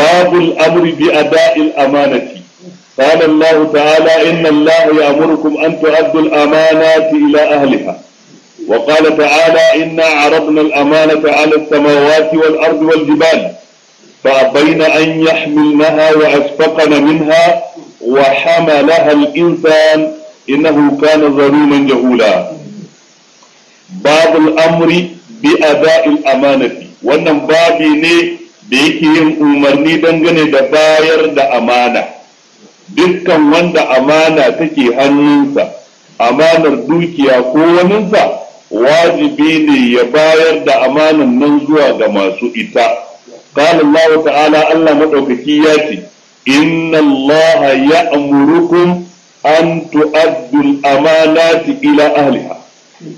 باب الأمر بأداء الأمانة قال الله تعالى إن الله يأمركم أن تؤدوا الأمانات إلى أهلها وقال تعالى إنا عرضنا الأمانة على السماوات والأرض والجبال فأبين أن يحملنها وأشفقن منها وحملها الإنسان إنه كان ظلوما جهولا باب الأمر بأداء الأمانة وأن بابي da yake yin umarni dangane da bayar da amana dukkan wanda amana take hannunsa amanar dukiya ko waninsa wajibi ne ya bayar da amanan nan zuwa ga masu ita qala Allah ta'ala Allah madaukaki ya ce inna Allah ya'murukum an tu'addu al-amanati ila ahliha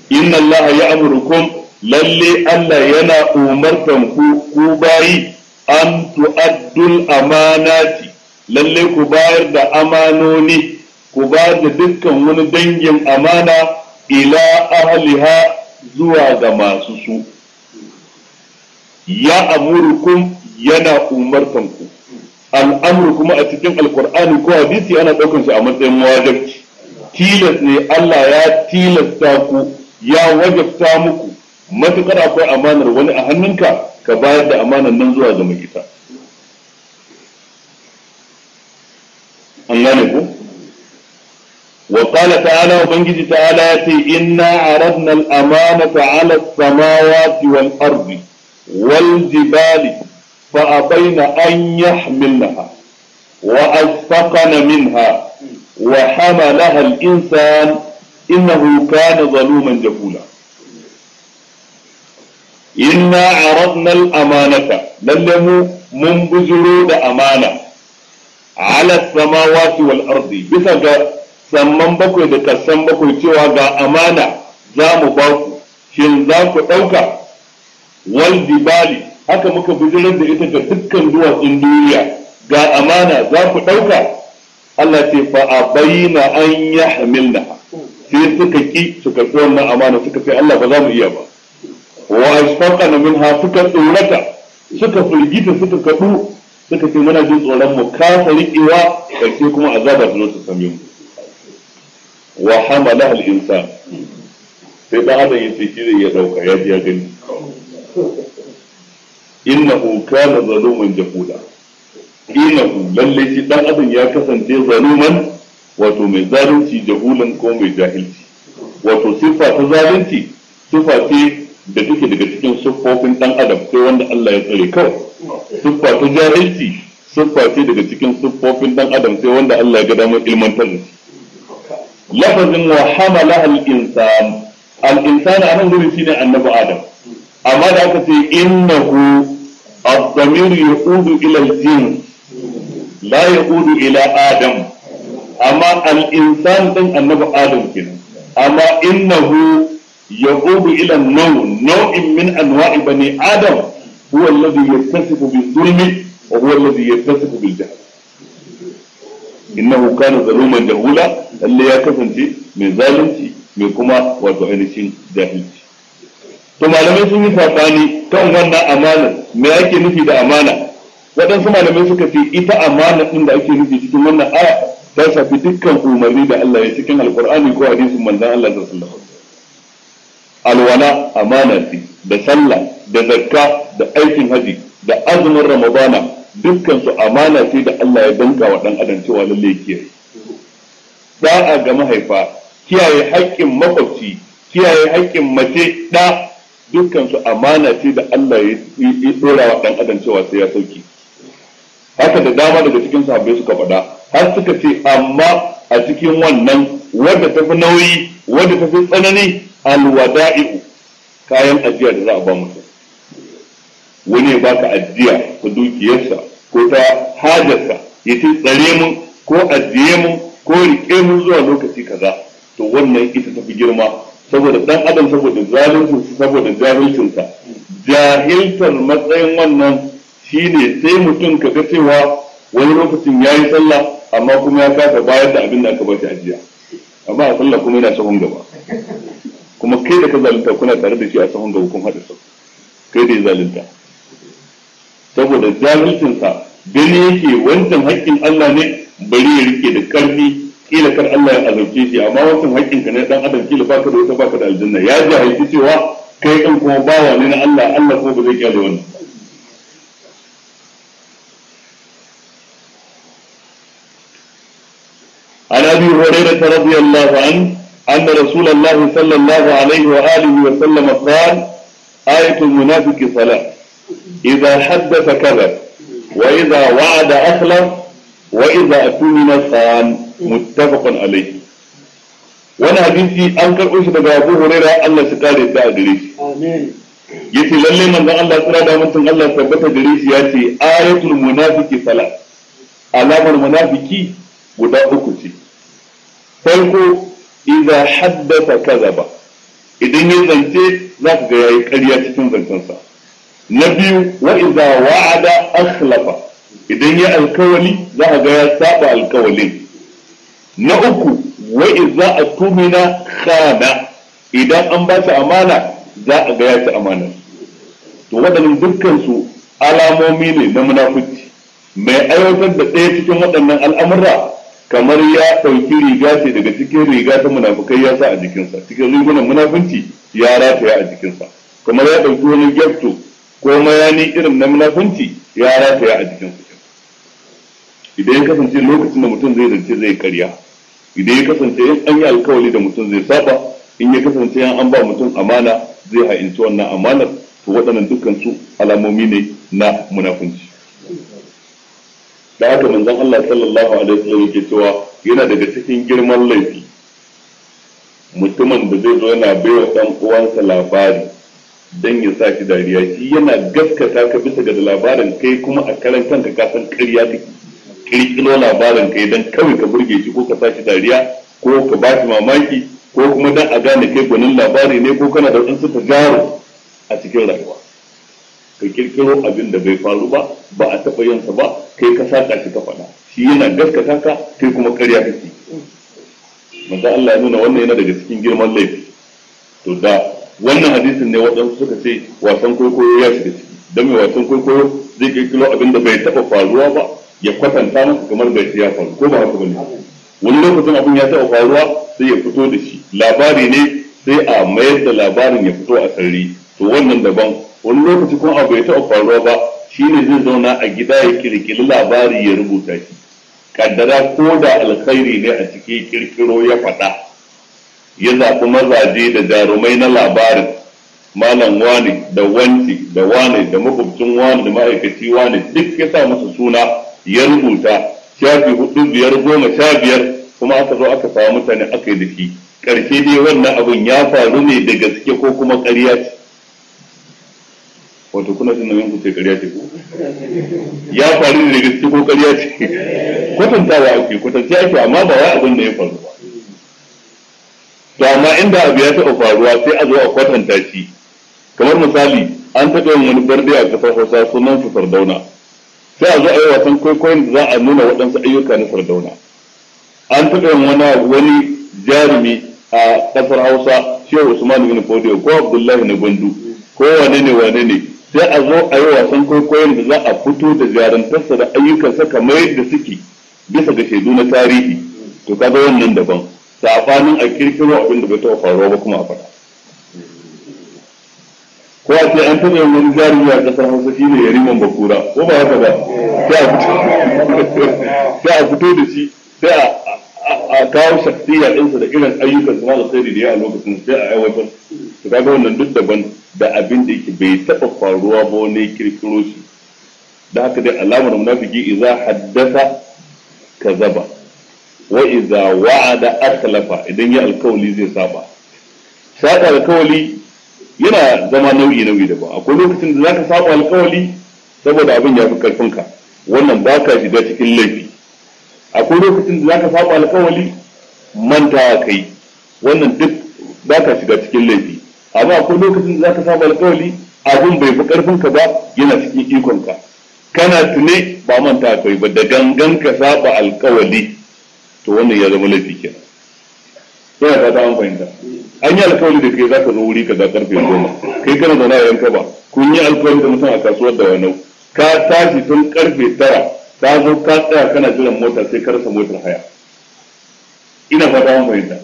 inna Allah ya'murukum lalle Allah yana umartan ku ku bayi an tu'addul amanati lalle ku bayar da amanoni ku bayar da dukkan wani dangin amana ila ahliha zuwa ga masu su ya amurkum yana umartanku al'amur kuma a cikin alkur'ani ko hadisi ana ɗaukar shi a matsayin wajibci tilas ne Allah ya tilasta ku ya wajabta muku matukar akwai amanar wani a hannunka ka bayar da amanan nan zuwa ga mai ita an gane ku wa qala ta'ala ubangiji ta'ala ya ce inna aradna al-amanata 'ala as-samawati wal ardi wal jibali fa abaina an yahmilnaha wa asfaqana minha wa hamalaha al-insan innahu kana zaluman jahula inna aradna al-amanata lalle mu mun bujuro da amana ala samawati wal ardi bisa ga samman bakwai da kasan bakwai cewa ga amana za mu ba ku shin za ku ɗauka wal dibali haka muka bijirar da ita ga dukkan duwatsun duniya ga amana za ku ɗauka Allah ce fa a bayyana an ya hamilna sai suka ki suka karɓi wannan amana suka ce Allah ba za mu iya ba wa ashfaqana minha suka tsorata suka firgita suka kadu suka ce muna jin tsoron mu kasa riƙewa karshe kuma azaba ta zo ta same mu wa hamala al insan sai da adam yace shi zai ya dauka ya ji ya gani innahu kana zaluman jahuda innahu lalle shi dan adam ya kasance zaluman wato mai zalunci jahulan ko mai jahilci wato siffa ta zalunci siffa ce da take daga cikin siffofin dan adam sai wanda Allah ya tsare kawai siffa ta jahilci siffa ce daga cikin siffofin dan adam sai wanda Allah ya ga damar ilmantar da shi lafazin wa hamala al insan al insana anan gurin shine annabi adam amma da aka ce innahu ila al إلى la لا ila Adam. Amma al insan din annabi adam كنا amma innahu يقول إلى النوع نوع من أنواع بني آدم هو الذي يتصف بالظلم وهو الذي يتصف بالجهل إنه كان ظلوما جهولا اللي يكفن شيء من ظالمتي من كما وتعينشين جاهلتي to malamai sun yi sabani kan wannan amana me ake nufi da amana waɗansu malamai suka ce ita amana ɗin da ake nufi cikin wannan aya ta shafi dukkan umarni da Allah ya cikin alkur'ani ko hadisin manzon Allah alwala amana fi da sallah da zakka da aikin haji da azumin ramadana dukkan su amana fi da Allah ya danka wa dan adam cewa lalle yake da'a ga mahaifa kiyaye haƙƙin makwabci kiyaye haƙƙin mace da dukkan su amana fi da Allah ya dora wa dan adam cewa sai ya sauki haka da dama daga cikin sahabbai suka faɗa har suka ce amma a cikin wannan wanda ta fi nauyi wanda ta fi tsanani alwada'i'u kayan ajiya da za a ba mutum wani ya baka ajiya ko dukiyarsa ko ta hajarsa ya ce tsare mu ko ajiye mu ko riƙe mu zuwa lokaci kaza to wannan ita ta fi girma saboda dan adam saboda zalunci saboda jahilcinsa jahiltar matsayin wannan shine sai mutum ka ga cewa wani lokacin ya yi sallah amma kuma ya kasa bayar da abin da aka bata ajiya amma a sallah kuma yana sahun gaba kuma kai da ka zalunta kuna tare da shi a sahun ga kun haɗa sau kai da ya zalunta saboda zaluncinsa gani yake wancan haƙƙin Allah ne bari ya rike da ƙarfi kila kar Allah ya azabce shi amma wancan haƙƙin ka ne dan adam kila baka da wata baka da aljanna ya jahilci cewa kai kan kuma bawa ne na Allah Allah kuma ba zai kiyaye wani. عن ابي هريره رضي الله عنه أن رسول الله صلى الله عليه وآله وسلم قال آية المنافق صلاة إذا حدث كذب وإذا وعد أخلف وإذا أتمن خان متفق عليه wani hadisi an karɓo shi daga Abu Huraira Allah shi kare ta a gare shi yace lalle manzon Allah tsira da mutum Allah tabbata gare shi ce, ayatul munafiki alamar munafiki guda uku ce farko idza haddasa kazaba idan ya zance za ka ga yayi ƙarya cikin zancensa na biyu wa idza wa'ada akhlafa idan ya alkawali za ka ga ya saba alkawalin na uku wa idza atumina khana idan an ba shi amana za a ga ya ci amana to waɗannan dukkan su alamomi ne na munafurci mai aiwatar da ɗaya cikin waɗannan al'amura kamar ya ɗauki riga ce daga cikin riga ta munafukai ya sa a jikinsa cikin rigunan munafunci ya rataya a jikinsa kamar ya ɗauki wani gyarto ko mayani irin na munafunci ya rataya a jikinsa idan ya kasance lokacin da mutum zai zance zai karya idan ya kasance in an yi alkawali da mutum zai saba in ya kasance in an ba mutum amana zai ha'inci wannan amanar to waɗannan dukkan su alamomi ne na munafunci da haka manzon Allah sallallahu alaihi wasallam yake cewa yana daga cikin girman laifi mutumin da zai zo yana baiwa dan uwansa labari dan ya sa shi dariya shi yana gaskata ka bisa ga labarin kai kuma a karan kanka ka san ƙarya take kirkiro labarin kai dan kawai ka burge shi ko ka sa dariya ko ka ba shi mamaki ko kuma dan a gane kai gwanin labari ne ko kana da suka tagaro a cikin rayuwa ka kirkiro abin da bai faru ba ba a taɓa yansa ba kai ka saka shi ka faɗa shi yana gaskata ka kai kuma ƙarya kake manzo Allah ya nuna wannan yana daga cikin girman laifi to da wannan hadisin ne waɗansu suka ce wasan kwaikwayo ya shiga ciki don mai wasan kwaikwayo zai kirkiro abin da bai taɓa faruwa ba ya kwatanta maka kamar bai ya faru ko ba haka bane wani lokacin abin ya taɓa faruwa sai ya fito da shi labari ne sai a mayar da labarin ya fito a sarri to wannan daban wani lokaci kuma abu ya taɓa faruwa ba shine zai zauna a gida ya kirkiri labari ya rubuta shi kaddara ko da alkhairi ne a ciki ƙirƙiro ya faɗa ya zaɓi mazaje da jarumai na labarin malam wani da wanti da wani da makwabcin wani da ma'aikaci wani duk ya sa masa suna ya rubuta shafi hudu biyar goma sha biyar kuma aka zo aka samu mutane aka yi da shi ƙarshe dai wannan abun ya faru ne da gaske ko kuma ƙarya ce wato kuna jin nauyin kuce ƙarya ce ya faru ne daga cikin ko ƙarya ce kwatantawa ake kwatance ake amma ba wai abin da ya faru ba to amma inda abu ya taɓa faruwa sai a zo a kwatanta shi kamar misali an taɓa yin wani barde a ƙasar hausa sunan su sardauna sai a zo a yi wasan kwaikwayon da za a nuna waɗansu ayyuka na sardauna an taɓa yin wani wani jarumi a ƙasar hausa shehu usman bin fodiyo ko abdullahi na gwandu ko wane ne wane ne sai a zo a yi wasan kwaikwayon da za a fito da jarantarsa da ayyukansa kamar yadda suke bisa ga shaidu na tarihi to kaga wannan daban safanin a kirkiro abin da bai taɓa faruwa ba kuma a faɗa ko a ce an taɓa yin wani jarumi a ƙasar hausa shi ne yariman bakura ko ba haka ba sai a fito da shi sai a kawo shakhsiyya ɗinsa da irin ayyukan su ma da sai da ya a lokacin sai a aiwatar to kaga wannan duk daban da abin da yake bai taba faruwa ba wani kirkiro shi da haka dai alamar munafiki idza haddasa kazaba wa idza wa'ada akhlafa idan ya alkawali zai saba saba alkawali yana zama nau'i nau'i daban akwai lokacin da zaka saba alkawali saboda abin ya fi karfinka wannan ba ka shiga cikin laifi akwai lokacin da zaka saba alkawali mantawa kai wannan duk ka shiga cikin laifi amma akwai lokacin da ka samu alkawali abin bai fi karfin ka ba yana cikin ikon ka kana tune ba manta kai ba da gangan ka saba alkawali to wannan ya zama laifi kenan yana fata an fahimta an yi alƙawari da kai za ka zo wuri kaza karfe goma kai kana zaune a yanka ba kun yi alƙawari da mutum a kasuwar da wani ka tashi tun karfe tara ka zo ka tsaya kana jiran mota sai ka rasa motar haya ina fata an fahimta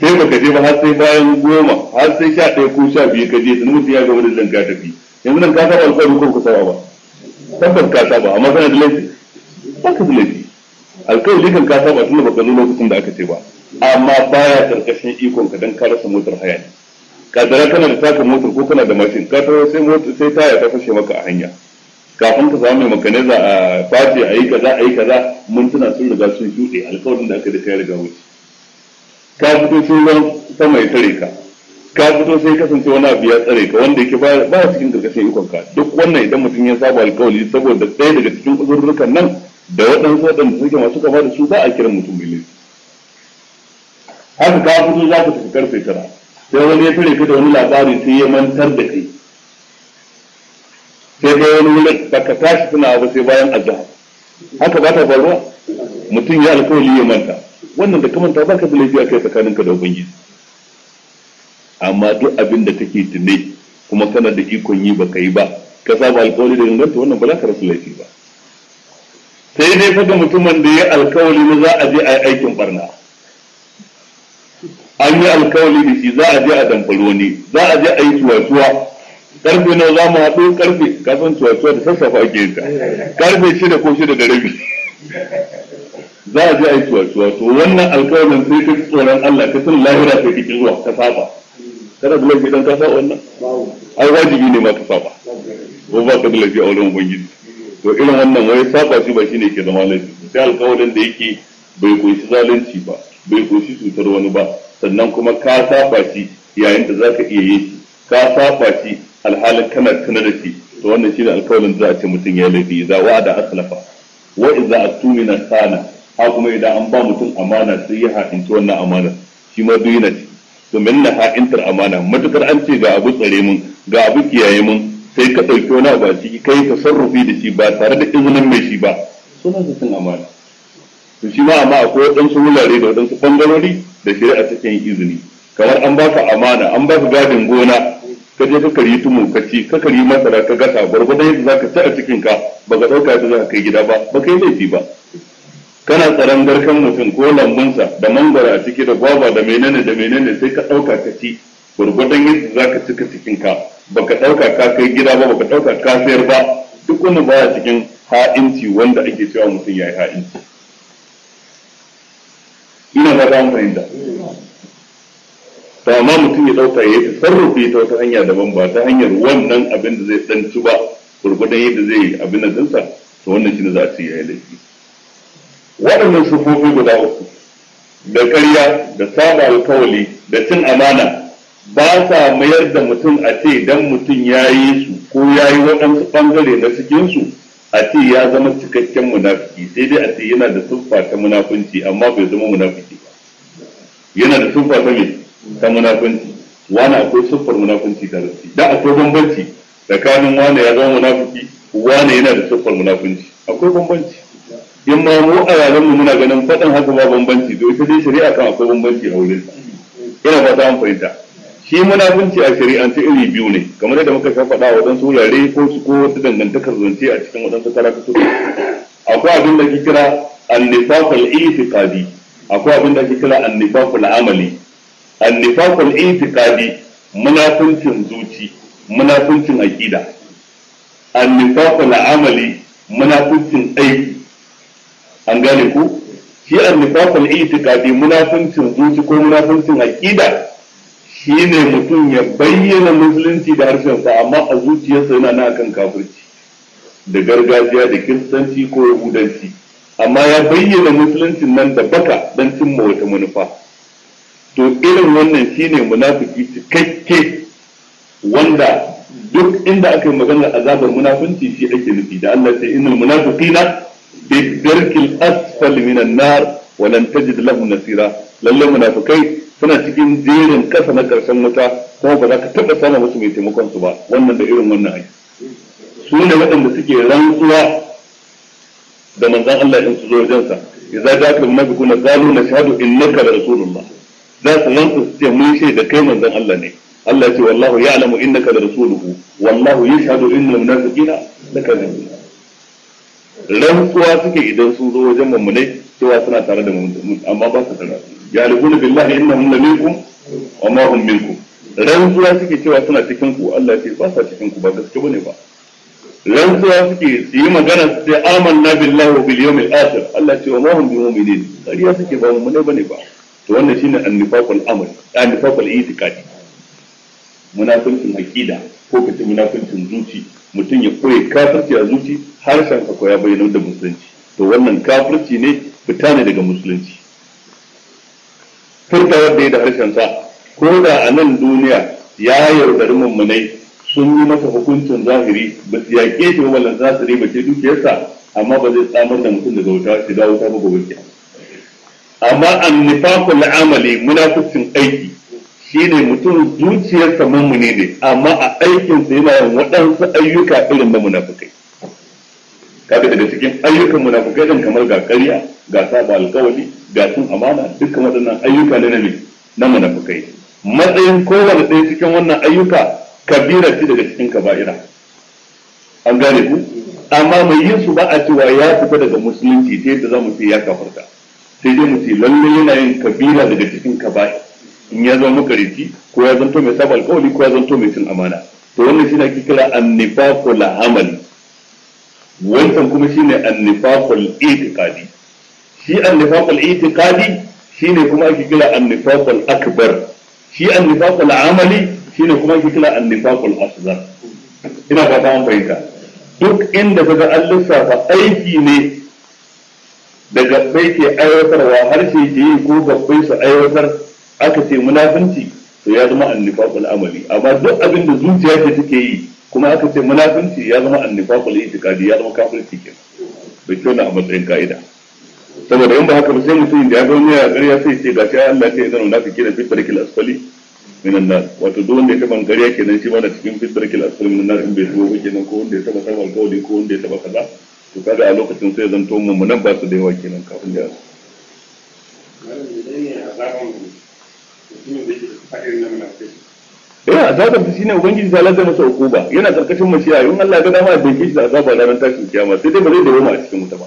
sai ka je ba har sai bayan goma har sai sha ɗaya ko sha biyu ka je sun mutu ya ga wani zan ka tafi yanzu nan ka saba alƙawari ko ku saba ba tabbas ka saba amma kana da laifi ba ka da laifi alƙawari kan ka saba tun tunda baka zo lokacin da aka ce ba amma baya karkashin ikon ka dan ka rasa motar haya ne kadara kana da taka motar ko kana da mashin ka taro sai motar sai taya ta fashe maka a hanya kafin ka samu makaniza a fashe a yi kaza a yi kaza mun tuna sun riga sun shuɗe alƙawarin da aka da kai riga wuce ka fito sai ruwan sama ya tare ka ka fito sai kasance wani abu ya tsare ka wanda yake ba cikin karkashin ikon ka duk wannan idan mutum ya saba alkawali saboda ɗaya daga cikin uzurrukan nan da waɗansu waɗanda suke masu kama da su ba a kiran mutum laifi haka ka fito za ka tafi karfe tara sai wani ya tare ka da wani labari sai ya mantar da kai sai ga wani wurin ba ka tashi suna ba sai bayan azhar haka ba ta faruwa mutum ya alkawali ya manta wannan da kamanta ba ka da kai tsakanin ka tsakaninka da ubangiji amma duk abin da take tunai kuma kana da ikon yi baka yi ba ka saba alƙawari da inganta wannan ba za ka rasa laifi ba sai dai faga mutumin da ya alkawari na za a je a yi aikin barna an yi alkawari da shi za a je a damfaro ne za a je a yi tuwatuwa karfe nawa za mu haɗu karfe kasan tuwatuwa da sassafa ake yi ka. karfe shida ko shida da rabi za a je a yi tuwa-tuwa to wannan alkawarin sai ka tsoron Allah ka san lahira sai kake zuwa ka saba kana da laifi dan ka saba wannan ai wajibi ne ma ka saba ko ba ka da laifi a wurin ubangiji to irin wannan wai saba shi ba shine ke zama laifi sai alkawarin da yake bai kunshi zalunci ba bai kunshi cutar wani ba sannan kuma ka saba shi yayin da zaka iya yin shi ka saba shi alhalin kana tuna da shi to wannan shine alkawarin da za a ce mutum ya laifi za wa'ada aslafa wa idza atumina sana ha kuma idan an ba mutum amana sai ya haɗinci wannan amana shi ma duk yana ciki to min na ha'intar amana matukar an ce ga abu tsare mun ga abu kiyaye mun sai ka ɗauki wani abu a ciki kai ka sarrafi da shi ba tare da izinin mai shi ba suna na cin amana to shi ma amma akwai waɗansu wurare da waɗansu ɓangarori da shari'a ta yin izini kamar an baka amana an baka gadin gona ka je ka kari tumu ka ci ka kari masara ka gasa gwargwadon yadda za ka ci a cikinka, ba ka ɗauka yadda zaka kai gida ba ka yi laifi ba kana tsaron garkan mutum ko lambunsa da mangwara a ciki da gwaba da menene da menene sai ka ɗauka ka ci gurgudan yadda za ka cika cikinka ba ka ɗauka ka kai gida ba ba ka ɗauka ka sayar ba duk wani a cikin ha'inci wanda ake cewa mutum ya yi ha'inci ina za mu fahimta to amma mutum ya ɗauka ya yi sarrafa ta wata hanya daban ba ta hanyar wannan abin da zai ɗanci ba gurgudan yadda zai yi abin da dinsa to wannan shi ne za a ce ya yi laifi waɗannan sufofi guda uku da ƙarya da saba alkawali da cin amana ba sa mayar da mutum a ce dan mutum ya yi su ko ya yi waɗansu ɓangare na cikinsu a ce ya zama cikakken munafiki sai dai a ce yana da siffa ta munafunci amma bai zama munafiki ba yana da siffa ta ta munafunci wani akwai siffar munafunci da rufi? da akwai bambanci tsakanin wani ya zama munafiki wani yana da siffar munafunci akwai bambanci in ma mu a yaren mu muna ganin faɗin haka ba bambanci to ita dai shari'a kan akwai bambanci a wurin ina fata an fahimta shi munafunci a shari'ance iri biyu ne kamar yadda muka faɗa waɗansu yare ko su ko wata dangantakar zance a cikin waɗansu karatu akwai abin da ke kira annifaqul itiqadi akwai abin da ke kira annifaqul amali annifaqul itiqadi munafincin zuci munafincin aqida annifaqul amali munafincin aiki an gane ku shi annifaqul i'tiqadi munafincin zuci ko munafincin aqida ne mutum ya bayyana musulunci da harshen harshensa amma a zuciyarsa yana na kan kafirci da gargajiya da kiristanci ko yahudanci amma ya bayyana musulunci nan da baka don cimma wata manufa to irin wannan shi ne munafiki cikakke wanda duk inda aka yi maganar azabar munafunci shi ake nufi da Allah sai munafuki munafiqina bidarki al-asfal min an-nar wa lan tajid lalle munafikai suna cikin jerin kasa na karshen wuta kuma ba za ka taɓa samun musu mai taimakon su ba wannan da irin wannan aiki su ne waɗanda suke rantsuwa da manzon Allah in su zo wajen sa idza ja'aka al-munafiquna qalu nashhadu innaka la rasulullah za su rantsu su ce mun shaida kai manzon Allah ne Allah ce wallahu ya'lamu innaka la rasuluhu wallahu yashhadu innal munafiqina lakazibun rantsuwa suke idan sun zo wajen mummunai cewa suna tare da mummunai amma ba su tare da billahi innahum la minkum wa ma hum minkum rantsuwa suke cewa suna cikin ku Allah ce ba sa cikin ku ba gaske bane ba rantsuwa suke su yi magana su ce amanna billahi wa bil yawmil akhir Allah ce wa ma hum bimu'minin kariya suke ba mummunai bane ba to wannan shine annifaqul amal annifaqul itiqadi munafiqin aqida ko kace munafiqin zuci. mutum ya koyi kafirci a zuci harshen ka koya bayyana da musulunci to wannan kafirci ne fita ne daga musulunci furtawar da ya da harshen sa ko da a nan duniya ya yaudari mummunai sun yi masa hukuncin zahiri ba su yaƙe shi wannan zasiri ba ce dukiyarsa amma ba zai tsamar da mutum daga wuta shiga wuta ba gobe amma annifaqul amali munafiqin aiki shine mutum zuciyarsa mummune ne amma a aikinsa yana yin waɗansu ayyuka irin na munafukai kaga daga cikin ayyukan munafukai din kamar ga ƙarya ga saba alƙawari ga cin amana dukkan waɗannan ayyuka ne na na munafukai matsayin kowane ɗaya cikin wannan ayyuka kabira ce daga cikin kaba'ira an gane ku amma mai yin su ba a cewa ya fita daga musulunci sai da za mu ce ya kafarta sai dai mu ce lalle yana yin kabira daga cikin kaba'ira in ya zama makarici ko ya zanto mai saba alkawali ko ya zanto mai cin amana to wannan shine ake kira annifaqul amali wannan kuma shine annifaqul itiqadi shi annifaqul itiqadi shine kuma ake kira annifaqul akbar shi annifaqul amali shine kuma ake kira annifaqul asghar ina fata an fahimta duk inda kaga an lissafa aiki ne daga bai ke aiwatarwa sai ke yi ko gabbai su aiwatar aka ce munafinci to ya zama annifaqul amali amma duk abin da zuciya ce take yi kuma aka ce munafinci ya zama annifaqul itiqadi ya zama kafirci kenan bai kyau na a matsayin ka'ida saboda yanda haka ba sai mutum da ya ga wani ya ƙarya sai ce gashi Allah ce zama na fikira da barkil asfali minan nar wato duk wanda ya taba ƙarya kenan shi ma na cikin barkil asfali minan nar in bai tuwo ba kenan ko wanda ya taba sama alƙawari ko wanda ya taba kaza to kada a lokacin sai zan to mu nan ba su da yawa kenan kafin da su yawa azabar ta shine ubangiji ta lazama masa hukuma yana karkashin mashiya in Allah ga dama bai shi da azaba ranar tashin kiyama sai dai ba zai dawo a cikin wuta ba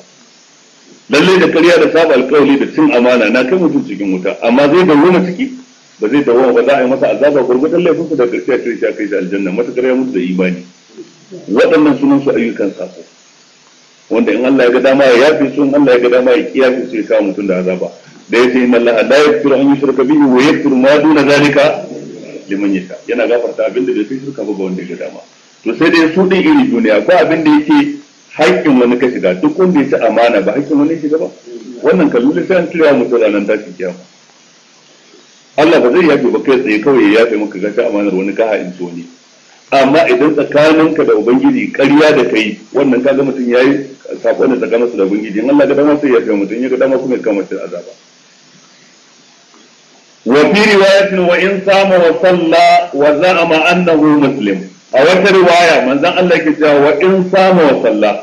lalle da karya da saba alkawali da cin amana na kai mutum cikin wuta amma zai dawo ciki ba zai dawo ba za a yi masa azaba gurgurdan laifin da karshe a kai shi a kai shi aljanna matakar ya mutu da imani waɗannan sunan su ayyukan sako wanda in Allah ya ga dama ya yafe su in Allah ya ga dama ya kiyaye su ya kawo mutum da azaba da yace inna Allah la yaghfiru an yushraka bihi wa yaghfiru ma duna zalika liman yasha yana gafarta abin da bai shirka ba wanda ya dama to sai dai su din iri duniya ko abin da yake haƙƙin wani ka shiga duk wanda ya ci amana ba haƙƙin wani shiga ba wannan kalmomi sai an turewa mutum da tashin kiyama Allah ba zai yafe ba kai tsaye kawai ya yafe maka gashi amanar wani ka in wani amma idan tsakaninka da ubangiji ƙarya da kai wannan ka ga mutum yayi sakon da tsakaninsa da ubangiji in Allah ga dama sai ya yafe mutum ya ga dama kuma ya kama shi azaba wa wa وفي رواية wa صام وصلى وزعم أنه مسلم a wata riwaya manzon Allah ke cewa wa in sama wa sallah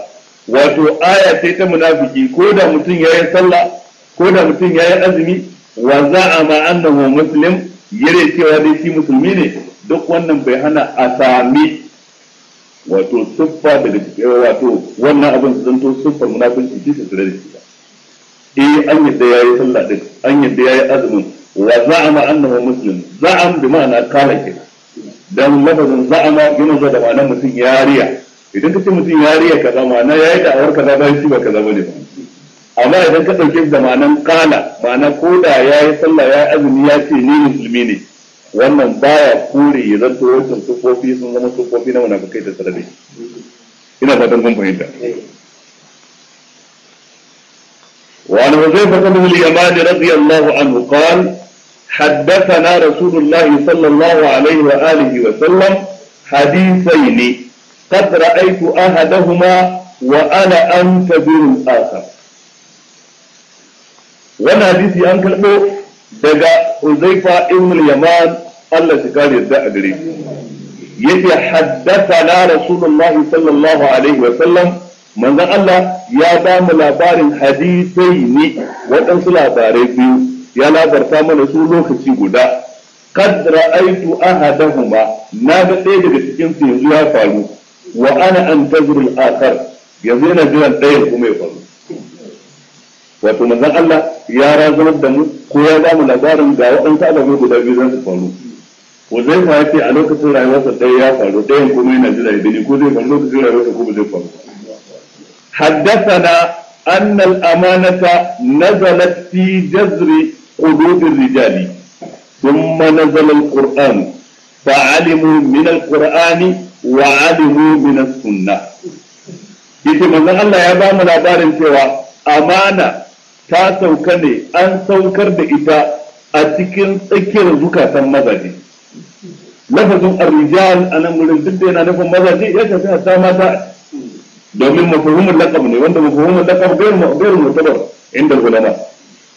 wato aya ce ta munafiki ko da mutum yayi sallah ko da mutum yayi azumi wa za'ama annahu muslim yare cewa dai shi musulmi ne duk wannan bai hana a sami wato siffa daga wato wannan abin su zanto siffar munafiki shi ta tare da shi ba eh an yadda yayi sallah din an yadda yayi azumin وزعم أنه مسلم زعم بمعنى قال كده dan lafazin za'ama yana zuwa da ma'anar mutum yariya idan ka ce mutum yariya kaza ma'ana ya yi da'awar kaza bayan shi ba kaza bane ba amma idan ka ɗauke shi da ma'anar kala ma'ana ko da ya yi sallah ya yi azumi ya ce ni musulmi ne wannan baya kore ya zanto wancan sufofi sun zama sufofi na munafukai da sarari ina fatan kun fahimta وعن حذيفة بن اليمان رضي الله عنه قال حدثنا رسول الله صلى الله عليه وآله وسلم حديثين قد رأيت أحدهما وأنا أنتظر الآخر وانا حديثي أن كلمه دقا حذيفة ابن اليمان الله تكاد يدعى قريب يتي حدثنا رسول الله صلى الله عليه وسلم من الله يا دام لابار حديثين وأنصلا باري فيه ya labarta mana su lokaci guda kad ra'aitu ahadahuma na ga ɗaya daga cikin su yanzu ya faru wa ana antazuru al-akhar yanzu yana jiran ɗayan kuma ya faru wato manzon Allah ya razanar da mu ko ya ba mu labarin ga waɗansu alamai guda biyu zan su faru ko zai fa yace a lokacin rayuwarsa ɗaya ya faru ɗayan kuma yana jira ya gani ko zai faru lokacin rayuwarsa ko ba zai faru حدثنا أن الأمانة نزلت في جذر قلوب الرجال ثم نزل القرآن فعلموا من القرآن وعلموا من السنة yake manzon Allah ya ba mu labarin cewa amana ta sauka ne an saukar da ita a cikin tsakiyar zukatan mazaje lafazin a rijal wurin duk da yana nufin mazaje ya shafi hatta mata domin mafahimin wanda mutabar inda ulama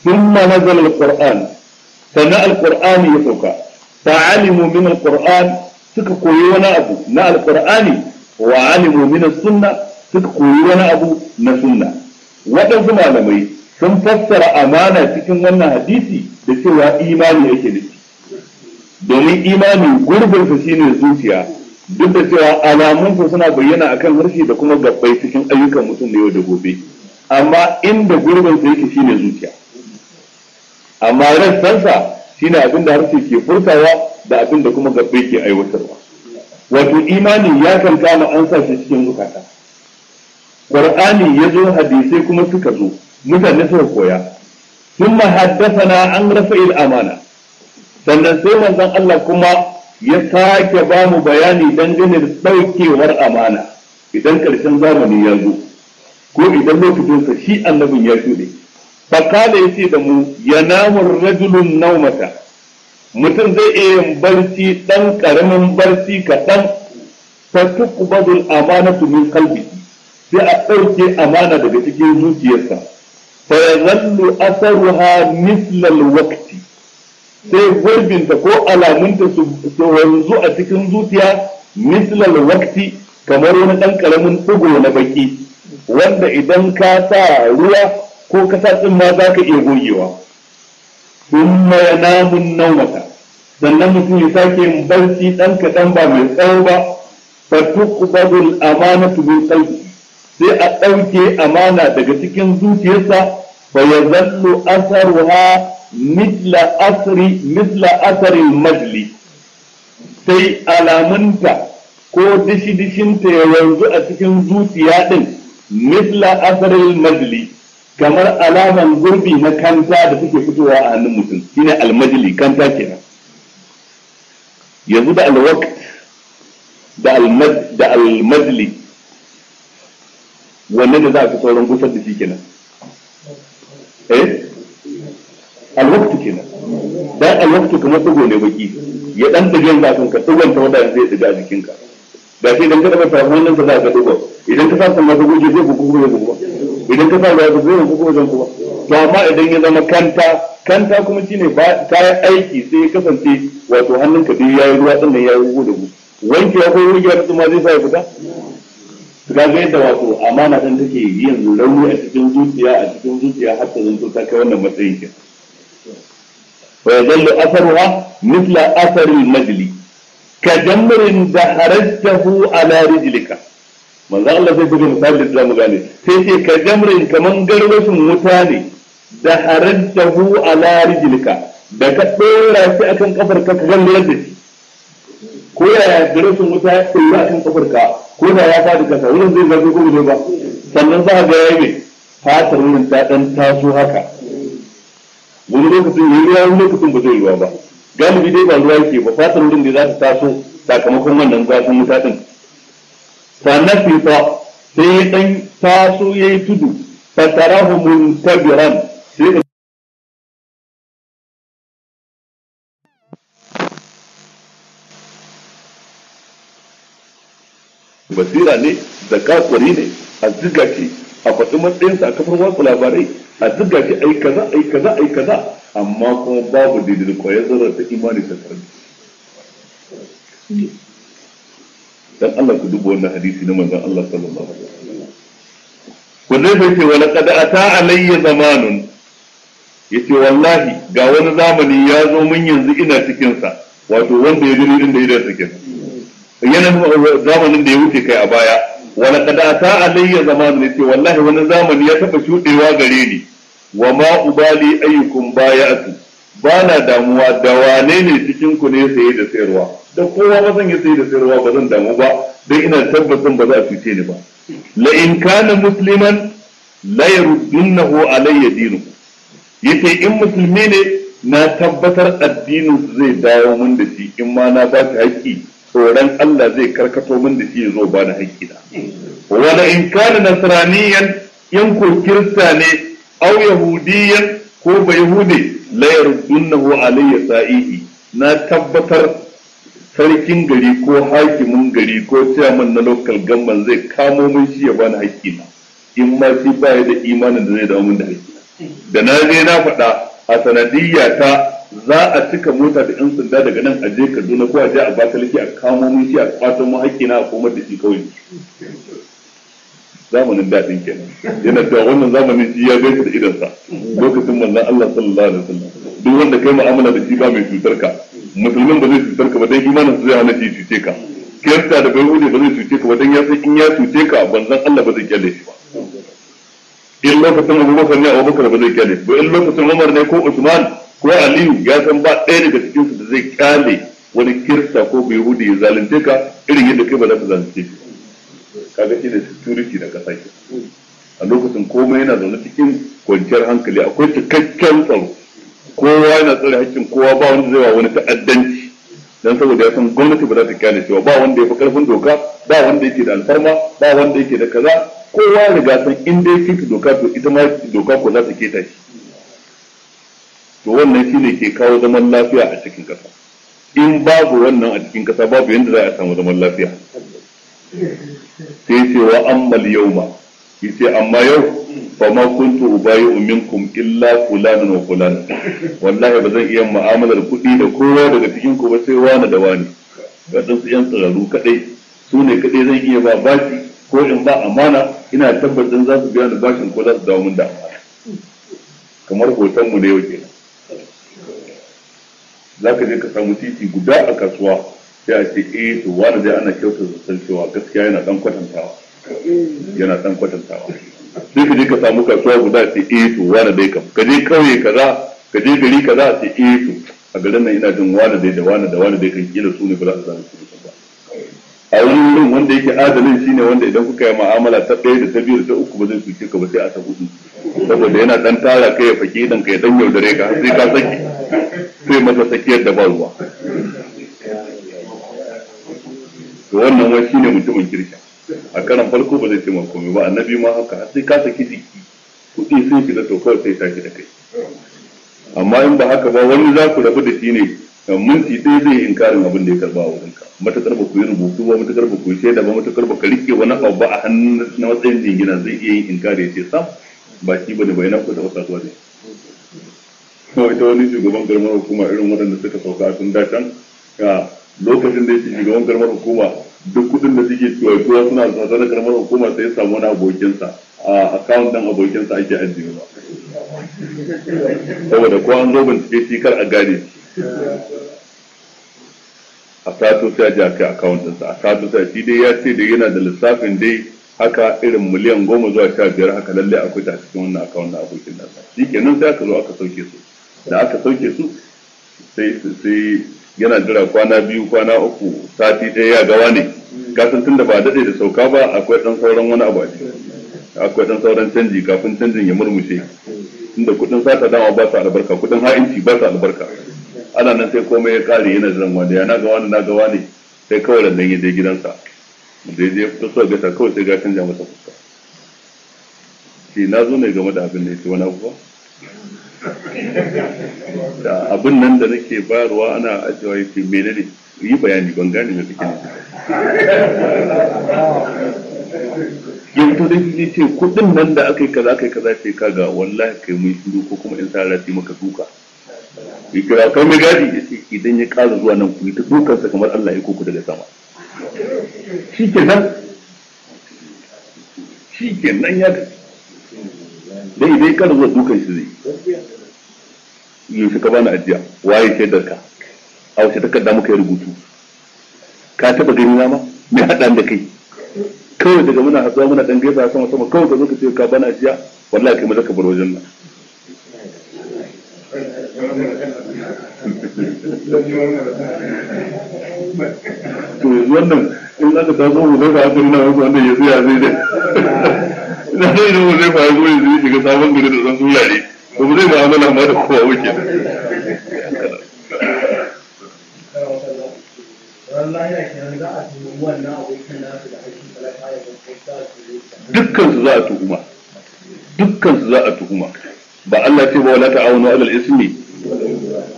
thumma nazala alquran sannan alqur'ani ya sauka fa'alimu min alquran suka koyi wani abu na alqur'ani wa alimu min sunna suka koyi wani abu na sunna waɗansu malamai sun fassara amana cikin wannan hadisi da cewa imani yake da shi domin imani gurbinsa shine zuciya duk da cewa alamunsa suna bayyana a kan harshe da kuma gabbai cikin ayyukan mutum da yau da gobe amma inda gurbinsa yake shine zuciya amma rassansa shine abin da harshe ke furtawa da abin da kuma gabbe ke aiwatarwa wato imani ya kanta an sa shi cikin zukata qur'ani ya zo hadisai kuma suka zo mutane suka koya thumma haddathana an rafa'il amana sannan sai manzon Allah kuma ya sake ba mu bayani dangane da daukewar amana idan karshen zamani ya zo ko idan lokacin sa shi annabin ya shude fakala yace da mu yanamu rajulun naumata mutum zai iya yin barci dan karamin barci kaɗan fa tuqbadul amanatu min qalbi sai a ɗauke amana daga cikin zuciyarsa fa yazallu asaruha misla waqti sai gurbinta ko alamunta su wanzu a cikin zuciya mislal waqti kamar wani dan karamin tugo na baki wanda idan ka sa ruwa ko kasa din ma za ka iya gogewa thumma namun nawmata sannan mutum ya sake yin barci ɗan kaɗan ba mai tsawo ba Ba duk amana tu min qalbi sai a ɗauke amana daga cikin zuciyarsa ya zallo asaruha mithla asri mithla asari majli sai alamunta ko dishi dishinta ya yanzu a cikin zuciya ɗin mithla asari majli kamar alaman gurbi na kanta da suke fitowa a hannun mutum shine almajili kanta kenan yanzu da alwak da almajili wanne da za a fi sauran gusar da shi kenan eh alwaktu kenan dan alwaktu kamar tsugo ne baki ya dan digen zafin ka ta wanda zai diga jikinka da shi dan ka dafa sabon nan za ka dubo idan ka sa sabon tsugo zai bugu ya bugu idan ka sa ruwa ba zai wanku ko wajen ku to amma idan ya zama kanta kanta kuma shine ba kayan aiki sai ya kasance wato hannun ka dai yayi ruwa din nan yayi ruwa da ku wanke akwai ko ruwa da kuma zai sa ya fita ga ga yadda wato amana din take yin rauni a cikin zuciya a cikin zuciya har ta zanto ta kai wannan matsayin ki wa yadallu asaruha mithla asari majli ka jamrin da harajtahu ala rijlika manzo Allah zai buga misali da zamu gane sai ce ka jamrin kaman garwashin wuta ne da harantahu ala rijlika da ka dora shi akan kafar ka ka da shi ko ya garwashin wuta ya tsaya akan kafar ka ko da ya fadi kasa wurin zai zargi ko ba sannan za ga yayi fatar wurin ta dan taso haka wani lokacin yayi ruwa wani lokacin ba zai ruwa ba galibi dai ba ruwa yake ba fatar wurin da za ta taso sakamakon wannan zafin wuta din fa nafita sai dan taso yayi tudu basira ne da kasuwari ne a ziga ce a faɗi matsayinsa a kafar watsa labarai a ziga ce ai kaza ai kaza ai kaza amma kuma babu daidai da kwayar zarar da imani ta tare dan Allah ku dubo wannan hadisi na manzon Allah sallallahu alaihi wasallam wanda zai ce wala qad ata alayya zamanun yace wallahi ga wani zamani ya zo mun yanzu ina cikin sa wato wanda ya gani inda yake cikin yana zamanin da ya wuce kai a baya wala qad ata alayya zamanun yace wallahi wani zamani ya taba shudewa gare ni wa ma ubali ayyukum bayatu bana damuwa da wane ne cikin ku ne saye da sayarwa da kowa ba zan yi sai da sayarwa ba zan damu ba don ina tabbacin ba za a cuce ni ba la in kana musliman la yaruddunahu alayya dinu yace in musulmi ne na tabbatar addinin zai dawo min da shi in ma na ba ta haƙƙi tsoron Allah zai karkato min da shi ya zo ba na haƙƙi da wala in kana nasraniyan in ko kirista ne aw yahudiyan ko ba yahude la yaruddunahu alayya sa'ihi na tabbatar sarkin gari ko hakimin gari ko chairman na local government zai kamo mun shi ya bani hakina in ma shi ya da imanin da zai dawo min da hakina da na je na faɗa a sanadiyya ta za a cika mota da yan sanda daga nan a je Kaduna ko a je a Bakaliki a kamo mun shi a kwato mu a komar da shi kawai zamanin daɗin kenan yana cewa wannan zamanin shi ya gaisa da idansa lokacin manzon Allah sallallahu alaihi wasallam duk wanda kai mu'amala da shi ba mai cutar ka musulmin ba zai cutar ka ba dan imanin sa zai hana shi cuce ka kirista da bai wuce ba zai cuce ka ba dan ya in ya cuce ka banzan Allah ba zai kyale shi ba in lokacin Abubakar ne Abubakar ba zai kyale ba in lokacin Umar ne ko Usman ko Aliyu ya san ba ɗaya daga cikin su da zai kyale wani kirista ko bai wuce ya zalunce ka irin yadda kai ba za ka zalunce shi kaga shi security da kasa ke a lokacin komai yana zaune cikin kwanciyar hankali akwai cikakken tsaro kowa yana tsare hakkin kowa ba wanda zai wa wani ta'addanci dan saboda ya san gwamnati ba za ta kyale cewa ba wanda ya fi karfin doka ba wanda yake da alfarma ba wanda yake da kaza kowa ya riga san in dai kinta doka to ita ma doka ko za ta keta shi to wannan shine ke kawo zaman lafiya a cikin kasa in babu wannan a cikin kasa babu yadda za a samu zaman lafiya sai ce wa ammal yauma yace amma yau fa ma kuntu ubayu minkum illa fulanan wa fulan wallahi ba zan iya mu'amalar kuɗi da kowa daga cikin ku ba sai wani da wani ga dan yan tsararru kadai su ne kadai zan iya ba bashi ko in ba amana ina tabbatar za su biya ni bashin ko za su dawo min da amana kamar hoton mu ne yau kenan zaka je ka samu titi guda a kasuwa sai a ce eh to wani dai ana kyautar san cewa gaskiya yana dan kwatantawa yana dan kwatantawa sai ka je ka samu kasuwa guda sai eh to wani dai kam ka je kauye kaza ka je gari kaza a ce eh to a garin nan ina jin wani dai da wani da wani dai kan kila su ne ba za su zama su ba a wurin wanda yake adalin shine wanda idan kuka yi mu'amala ta ɗaya da ta biyu da ta uku ba zai cuce ka ba sai a ta hudu saboda yana dan tara kai ya fake dan ya dan yaudare ka sai ka saki sai masa sakiyar da ba ruwa to wannan wai shine mutumin kirki a karan farko ba zai taimaka komai ba annabi ma haka har sai ka saki jiki kuɗi sun shiga to kawai sai tashi da kai amma in ba haka ba wani za ku rabu da shi ne minti ɗaya zai inkarin abin da ya karba a wurinka matakar ba ku yi rubutu ba matakar ba ku yi shaida ba matakar ba ka rike wani abu ba a hannun na matsayin jingina zai iya yin inkari ya ce sam ba shi ba ne bai na ku da wasa zuwa ne ita wani shugaban garmar hukuma irin waɗanda suka sauka sun da can lokacin da yake shugaban karamar hukuma duk kudin da suke tuwaituwa suna zata na karamar hukuma sai ya samu wani abokinsa a akawun ɗan abokinsa ake ajiye ba saboda ko an zo bincike shi kar a gane a sato sai ji aka akawun ɗinsa a sato sai shi dai ya ce da yana da lissafin dai haka irin miliyan goma zuwa sha biyar haka lalle akwai ta cikin wannan akawun abokin nasa shi kenan sai aka zo aka sauke su da aka sauke su sai yana jira kwana biyu kwana uku sati ɗaya ya gawa ne kasan tun da ba daɗe da sauka ba akwai ɗan sauran wani abu akwai ɗan sauran canji kafin canjin ya murmushe tunda kuɗin sata dama ba su albarka kuɗin ha'inci ba su albarka ana nan sai komai ya kare yana jiran wani ya na gawa ne na gawa ne sai kawai randan ya je gidansa da ya je fito so gasa kawai sai ga canja masa fuska shi na zo ne game da abin da ya ce wani abu ba da abin nan da nake bayarwa ana ajiyewa yake ne, yi bayani ban gane me kake yanzu dai shi ce kudin nan da aka yi kaza aka yi kaza ce kaga wallahi kai mun shiru ko kuma in sa maka duka ya kira kai mai gadi ya ce idan ya ƙara zuwa nan ku yi ta dukansa kamar Allah ya koko daga sama shi nan shi ya gaske. dai idan kada zuwa dukan shi zai yi shi ka bani ajiya waye shaidar ka a wace takarda muka yi rubutu ka taba gani na ma mai haɗa da kai kawai daga muna hatsuwa muna dan gaisa sama sama kawai ka zo ka ce ka bani ajiya wallahi kai maza ka bar wajen nan to wannan in aka taso mu zai ka hankali na wasu wanda ya zai zai zai na zai zama zai faru zuwa zai shiga sabon gari da tsansu wurare ba zai amana ma da kowa wuce dukkansu za a tuhuma su za a tuhuma ba Allah ce ba wala ta'awunu alal ismi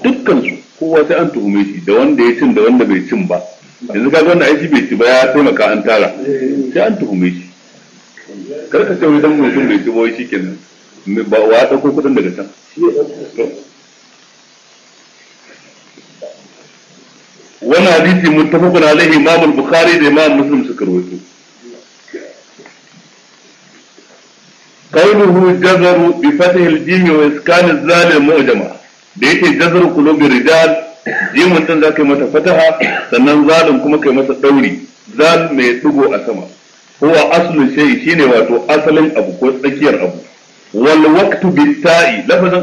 su kowa sai an tuhume shi da wanda ya cin da wanda bai cin ba yanzu kaga wanda aiki bai ci ba ya taimaka an tara sai an tuhume shi kar ka tauri dan mutum da kuma shi kenan ba wa dauko kudin daga ta. Wani hadisi muttafaqun alaihi imam al-bukhari da imam muslim suka rawaito قوله جزر بفتح الجيم واسكان الزال المعجمه da yake jazar kulubi rijal jimin din za ka yi mata fataha sannan zalin kuma ka yi masa dauri zal mai dugo a sama huwa aslu shay shine wato asalin abu ko tsakiyar abu wal waqtu bitta'i lafazin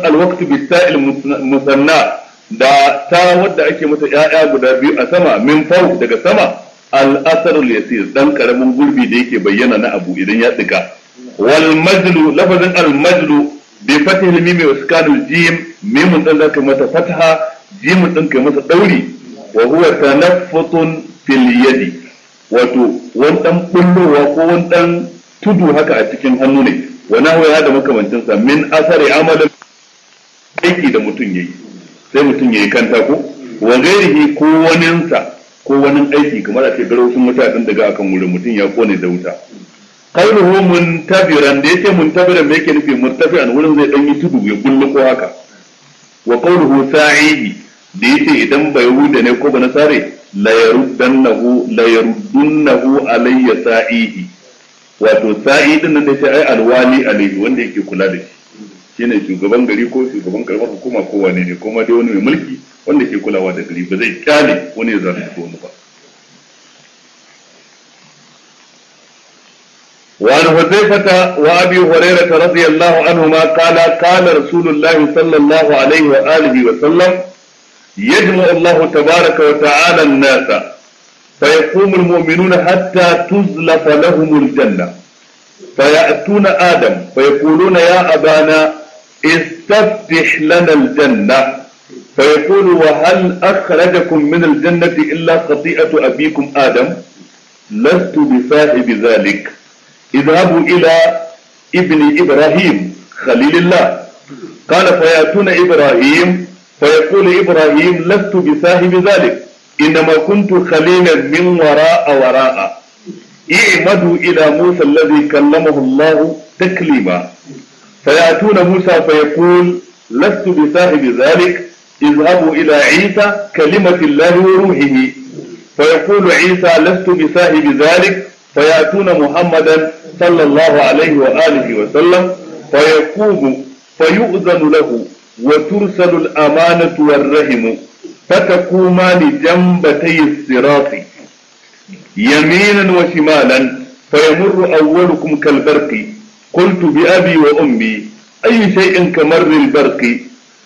al da ta wadda ake mata ya'ya guda biyu a sama min fawq daga sama al'asar asrul ɗan dan karamin gurbi da yake bayyana na abu idan ya tsika wal majlu lafazin al majlu bi fatihil mim wa jim mim dan zaka mata fatha jim dan kai mata dauri wa huwa tanaffutun fil wato wani dan bullowa ko wani dan tudu haka a cikin hannu ne wa nahwa ya da makamancinsa min asari amalan aiki da mutum yayi sai mutum yayi kanta ko wa gairihi ko waninsa ko wani aiki kamar a ce a mutanen daga akan wurin mutum ya kone da wuta qawluhu muntabiran da yake muntabiran me yake nufi murtafi'an wurin zai dan yi tudu ya ko haka wa qawluhu sa'ihi da yake idan bai wuda ne ko ba sare la yaruddannahu la yaruddunnahu alayya sa'ihi wato sa'i din nan da ai alwali alayhi wanda yake kula da shi shine shugaban gari ko shugaban karamar hukuma ko wane ne kuma dai wani mai mulki wanda ke kulawa da gari ba zai kyale wani ya zalunci wani ba وعن حذيفة وأبي هريرة رضي الله عنهما قال قال رسول الله صلى الله عليه وآله وسلم يجمع الله تبارك وتعالى الناس فيقوم المؤمنون حتى تزلف لهم الجنة فيأتون آدم فيقولون يا أبانا استفتح لنا الجنة فيقول وهل أخرجكم من الجنة إلا خطيئة أبيكم آدم لست بصاحب ذلك اذهبوا إلى ابن إبراهيم خليل الله قال فيأتون إبراهيم فيقول إبراهيم لست بصاحب ذلك إنما كنت خليلا من وراء وراء اعمدوا إلى موسى الذي كلمه الله تكليما فيأتون موسى فيقول لست بصاحب ذلك اذهبوا إلى عيسى كلمة الله وروحه فيقول عيسى لست بصاحب ذلك فيأتون محمدا صلى الله عليه وآله وسلم فيقوم فيؤذن له وترسل الأمانة والرهم فتقومان جنبتي الصراط يمينا وشمالا فيمر أولكم كالبرق قلت بأبي وأمي أي شيء كمر البرق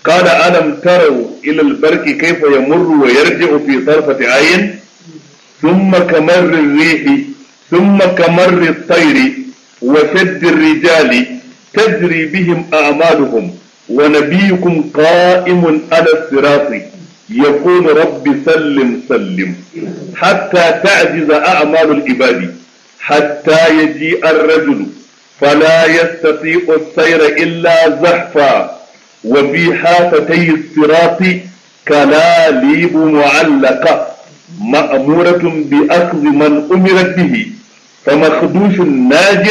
قال ألم تروا إلى البرق كيف يمر ويرجع في طرفة عين ثم كمر الريح ثم كمر الطير وشد الرجال تجري بهم أعمالهم ونبيكم قائم على الصراط يقول رب سلم سلم حتى تعجز أعمال العباد حتى يجيء الرجل فلا يستطيع السير إلا زحفا وفي حافتي الصراط كلاليب معلقة مأمورة بأخذ من أمرت به فمخدوش ناج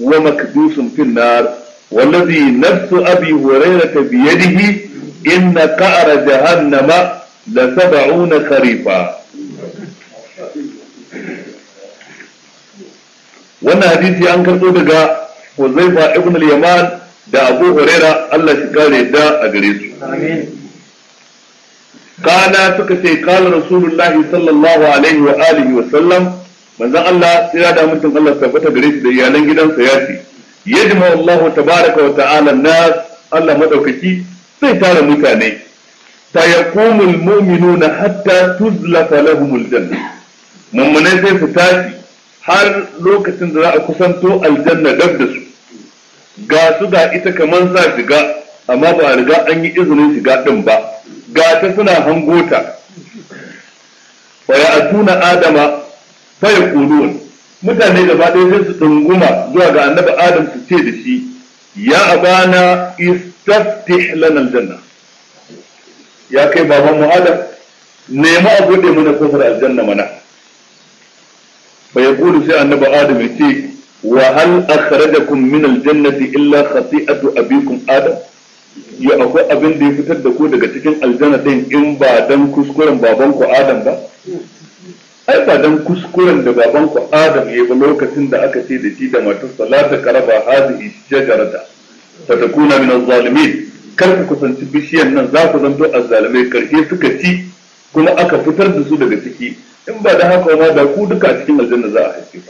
ومكدوس في النار wallazi nafsu abi hurairata biyadihi inna qa'ra jahannama la sab'una kharifa wannan hadisi an karɓo daga Huzaifa ibn al da Abu Huraira Allah shi kare da a gare su kana suka ce kala Rasulullahi sallallahu alaihi wa wa sallam manzon Allah sai ya da mutum Allah tabbata gare shi da iyalan gidansa ya ce yajma Allahu tabaraka wa ta'ala na Allah madaukaki zai tara mutane ta yaqumul na hatta tuzla lahumul janna mummunai sai su tashi har lokacin da za a kusanto aljanna dab da su ga su ga ita kamar za shiga amma ba a riga an yi izinin shiga din ba ga ta suna hangota fa ya tuna adama fa yaqulun mutane gaba ɗaya sai su ɗunguma zuwa ga annabi adam su ce da shi ya abana istaftih lana aljanna ya kai baban mu adam nemi a buɗe mana kofar aljanna mana fa yaqulu sai annabi adam ya ce wa hal akhrajakum min aljannati illa khati'atu abikum adam ya akwai abin da ya fitar da ku daga cikin aljanna din in ba dan kuskuren babanku adam ba ai ba dan kuskuren da baban ku Adam ya ba lokacin da aka ce da shi da matar salata karaba hadhihi shajarata ta takuna min az-zalimin kar ku kusanci bishiyan nan za ku zanto az-zalimai karshe suka ci kuma aka fitar da su daga ciki in ba da haka ba da ku duka cikin aljanna za a haife ku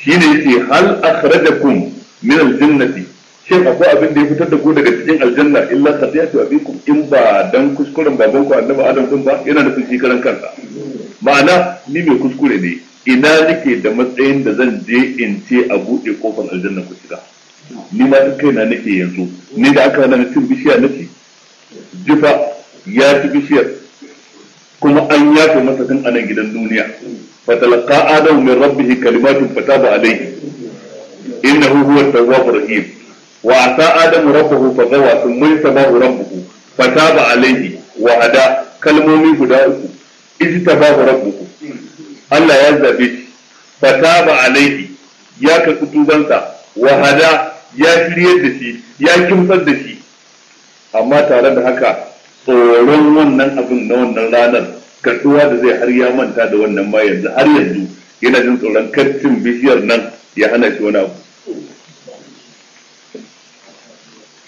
shine yace hal akhrajakum min shi shin akwai abin da ya fitar da ku daga cikin aljanna illa khatiyatu abikum in ba dan kuskuren babanku annabi adam din ba yana da fushi karan kansa ma'ana ni mai kuskure ne ina nake da matsayin da zan je in ce a buɗe kofar aljanna ku shiga ni ma kai kaina nake yanzu ni da aka hana cin bishiya nake jifa ya ci bishiyar kuma an yafe masa kan anan gidan duniya fatalaka adam min rabbihi kalimatun fataba alayhi innahu huwa tawwabur rahim wa ata adam rabbahu gawa thumma yasabahu rabbuhu fataba alayhi wa ada kalmomi guda uku istafahu rabbukum Allah ya zabe shi fataba alaihi ya karɓi tubansa wa hada ya shiryar da shi ya kimtsar da shi amma tare da haka tsoron wannan abin na wannan ranar karɗuwa da zai har ya manta da wannan ma yanzu har yanzu yana jin tsoron karcin bishiyar nan ya hana shi wani abu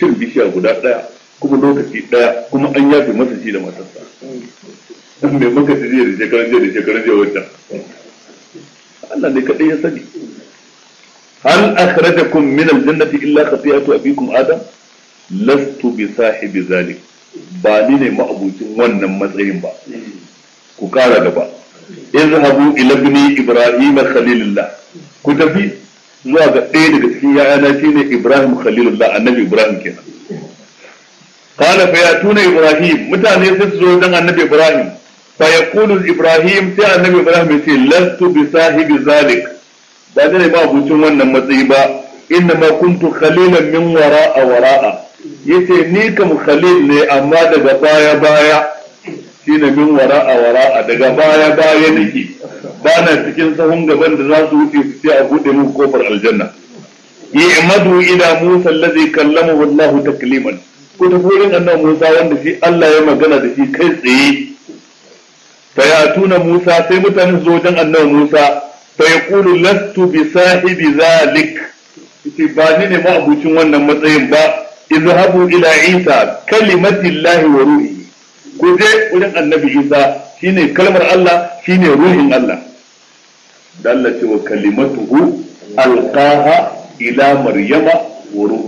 cin bishiya guda ɗaya kuma lokaci ɗaya kuma an yafe masa shi da matarsa me muka ci jiya da shekaran jiya da shekaran jiya wancan Allah ne kaɗai ya sani hal akhrajakum min aljannati illa khati'atu abikum adam lastu bi sahibi zalik ba ni ne ma'abucin wannan matsayin ba ku kara gaba izhabu ila ibni ibrahim khalilullah ku tafi zuwa ga ɗaya daga cikin ya'yana shine ibrahim khalilullah annabi ibrahim kenan Kana fa yatuna ibrahim mutane sai su zo dan annabi ibrahim fa yaqulu ibrahim sai annabi ibrahim ya ce lastu bi sahibi zalik ba zai ba abincin wannan matsayi ba inna ma khalilan wara'a yace ni kam khalil ne amma daga baya baya shine min wara'a wara'a daga baya baya nake ba na cikin sahun gaban da za su wuce su ce a bude min kofar aljanna i'madu ila musa allazi kallamahu allah takliman ko ta gurin annabi musa wanda shi Allah ya magana da shi kai tsaye tuna Musa sai mutanen su zo wajen annabi Musa fa yaqulu lastu bi sahibi zalik yace ba ni ne ma'abucin wannan matsayin ba izhabu ila Isa kalimati Allah wa ruhi ku je wurin annabi Isa shine kalmar Allah shine ruhin Allah da Allah ce wa kalimatuhu alqaha ila maryama wa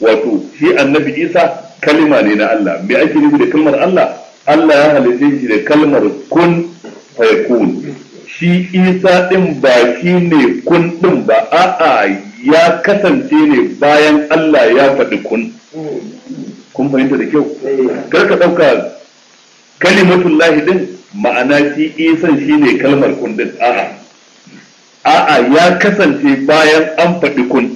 wato shi annabi Isa kalima ne na Allah me ake nufi da kalmar Allah Allah ya halice shi da kalmar kun fayakun shi isa din ba shi ne kun din ba a'a ya kasance ne bayan Allah ya faɗi kun kun fahimta da kyau kar ka ɗauka lahi din ma'ana shi isan shi ne kalmar kun din a'a a'a ya kasance bayan an faɗi kun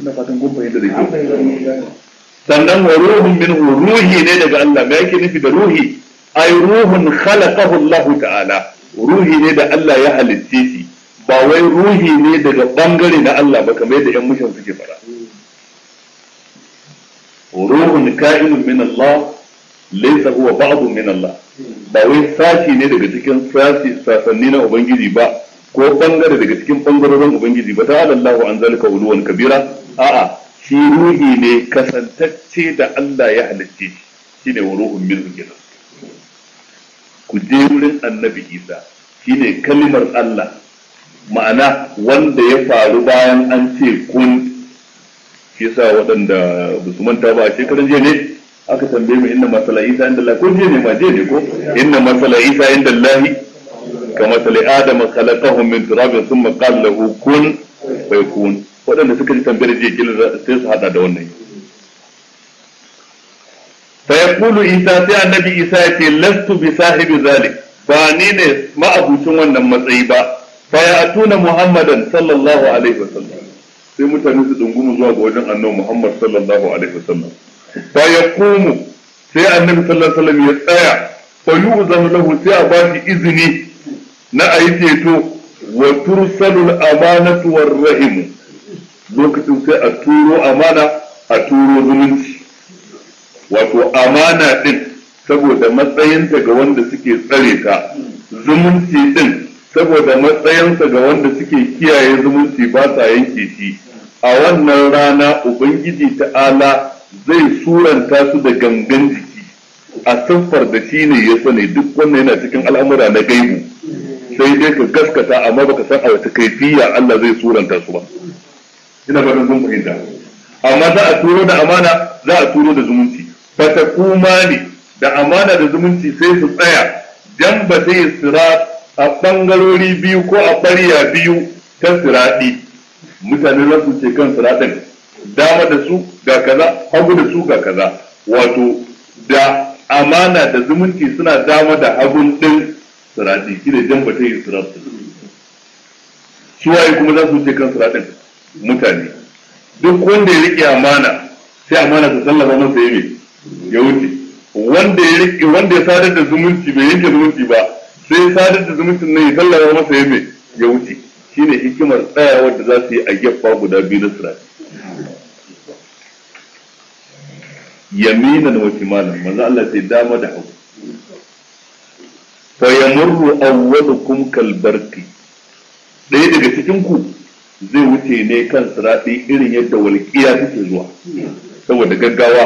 ina fatan kun fahimta da kyau sannan wa ruhun min ruhi ne daga Allah me yake nufi da ruhi ai ruhun khalaqahu Allah ta'ala ruhi ne da Allah ya halitte shi ba wai ruhi ne daga bangare na Allah ba kamar yadda ƴan mushin suke fara ruhun ka'inun min Allah laysa huwa ba'du min Allah ba wai sashi ne daga cikin sashi sasanni na ubangiji ba ko bangare daga cikin bangarorin ubangiji ba ta'ala Allahu an zalika uluwan kabira a'a shi ruhi ne kasantacce da Allah ya halitta shi shine wa ruhun minhu kenan ku je wurin annabi Isa shine kalimar Allah ma'ana wanda ya faru bayan an ce kun shi sa waɗanda manta ba a shekarun jiya ne aka tambaye mu inna masala isa inda Allah ko jiya ne ma jiya ne ko inna masala isa inda lahi? Ka sali Adama khalaqahu min turabin thumma qala lahu kun waɗanda suka ji tambayar jiya gilin sai su hada da wannan fa yaqulu isa sai annabi isa ya ce lastu bi sahibi zalik ba ni ne ma'abucin wannan matsayi ba fa ya'tuna muhammadan sallallahu alaihi wasallam sai mutane su dungumu zuwa ga wajen annabi muhammad sallallahu alaihi wasallam fa yaqumu sai annabi sallallahu alaihi wasallam ya tsaya fa yu'zanu lahu sai a bashi izini na ayi ceto wa tursalul amanatu war rahimu lokacin sai a turo amana a turo zumunci wato amana din saboda matsayinta ga wanda suke tsare ta zumunci din saboda matsayinsa ga wanda suke kiyaye zumunci ba sa yanke shi a wannan rana ubangiji ta'ala zai suranta su da gangan jiki a siffar da shi ne ya sani duk wannan yana cikin al'amura na gaibu sai dai ka gaskata amma baka san a wata kaifiya Allah zai suranta su ba ina ba don fahimta amma za a turo da amana za a turo da zumunci fa ta kuma ne da amana da zumunci sai su tsaya dan ba sai sirat a bangarori biyu ko a ɓarya biyu ta siradi mutane za su ce kan siradin dama da su ga kaza hagu da su ga kaza wato da amana da zumunci suna dama da hagun din siradi shi ne dan ba sai sirat su waye kuma za su ce kan siradin mutane duk wanda ya riƙe amana sai amana ta sallama masa yi ya wuce wanda ya riƙe wanda ya sadar da zumunci bai yanke zumunci ba sai sadar da zumuncin nan ya sallama masa yi ya wuce shine hikimar tsayawar da za su yi a gefa guda biyu na sirati yaminan wa kimanan manzo Allah sai dama da hagu fa yamurru awwalukum kalbarki ɗaya daga cikin ku zai wuce ne kan siraɗi irin yadda walƙiya take zuwa saboda gaggawa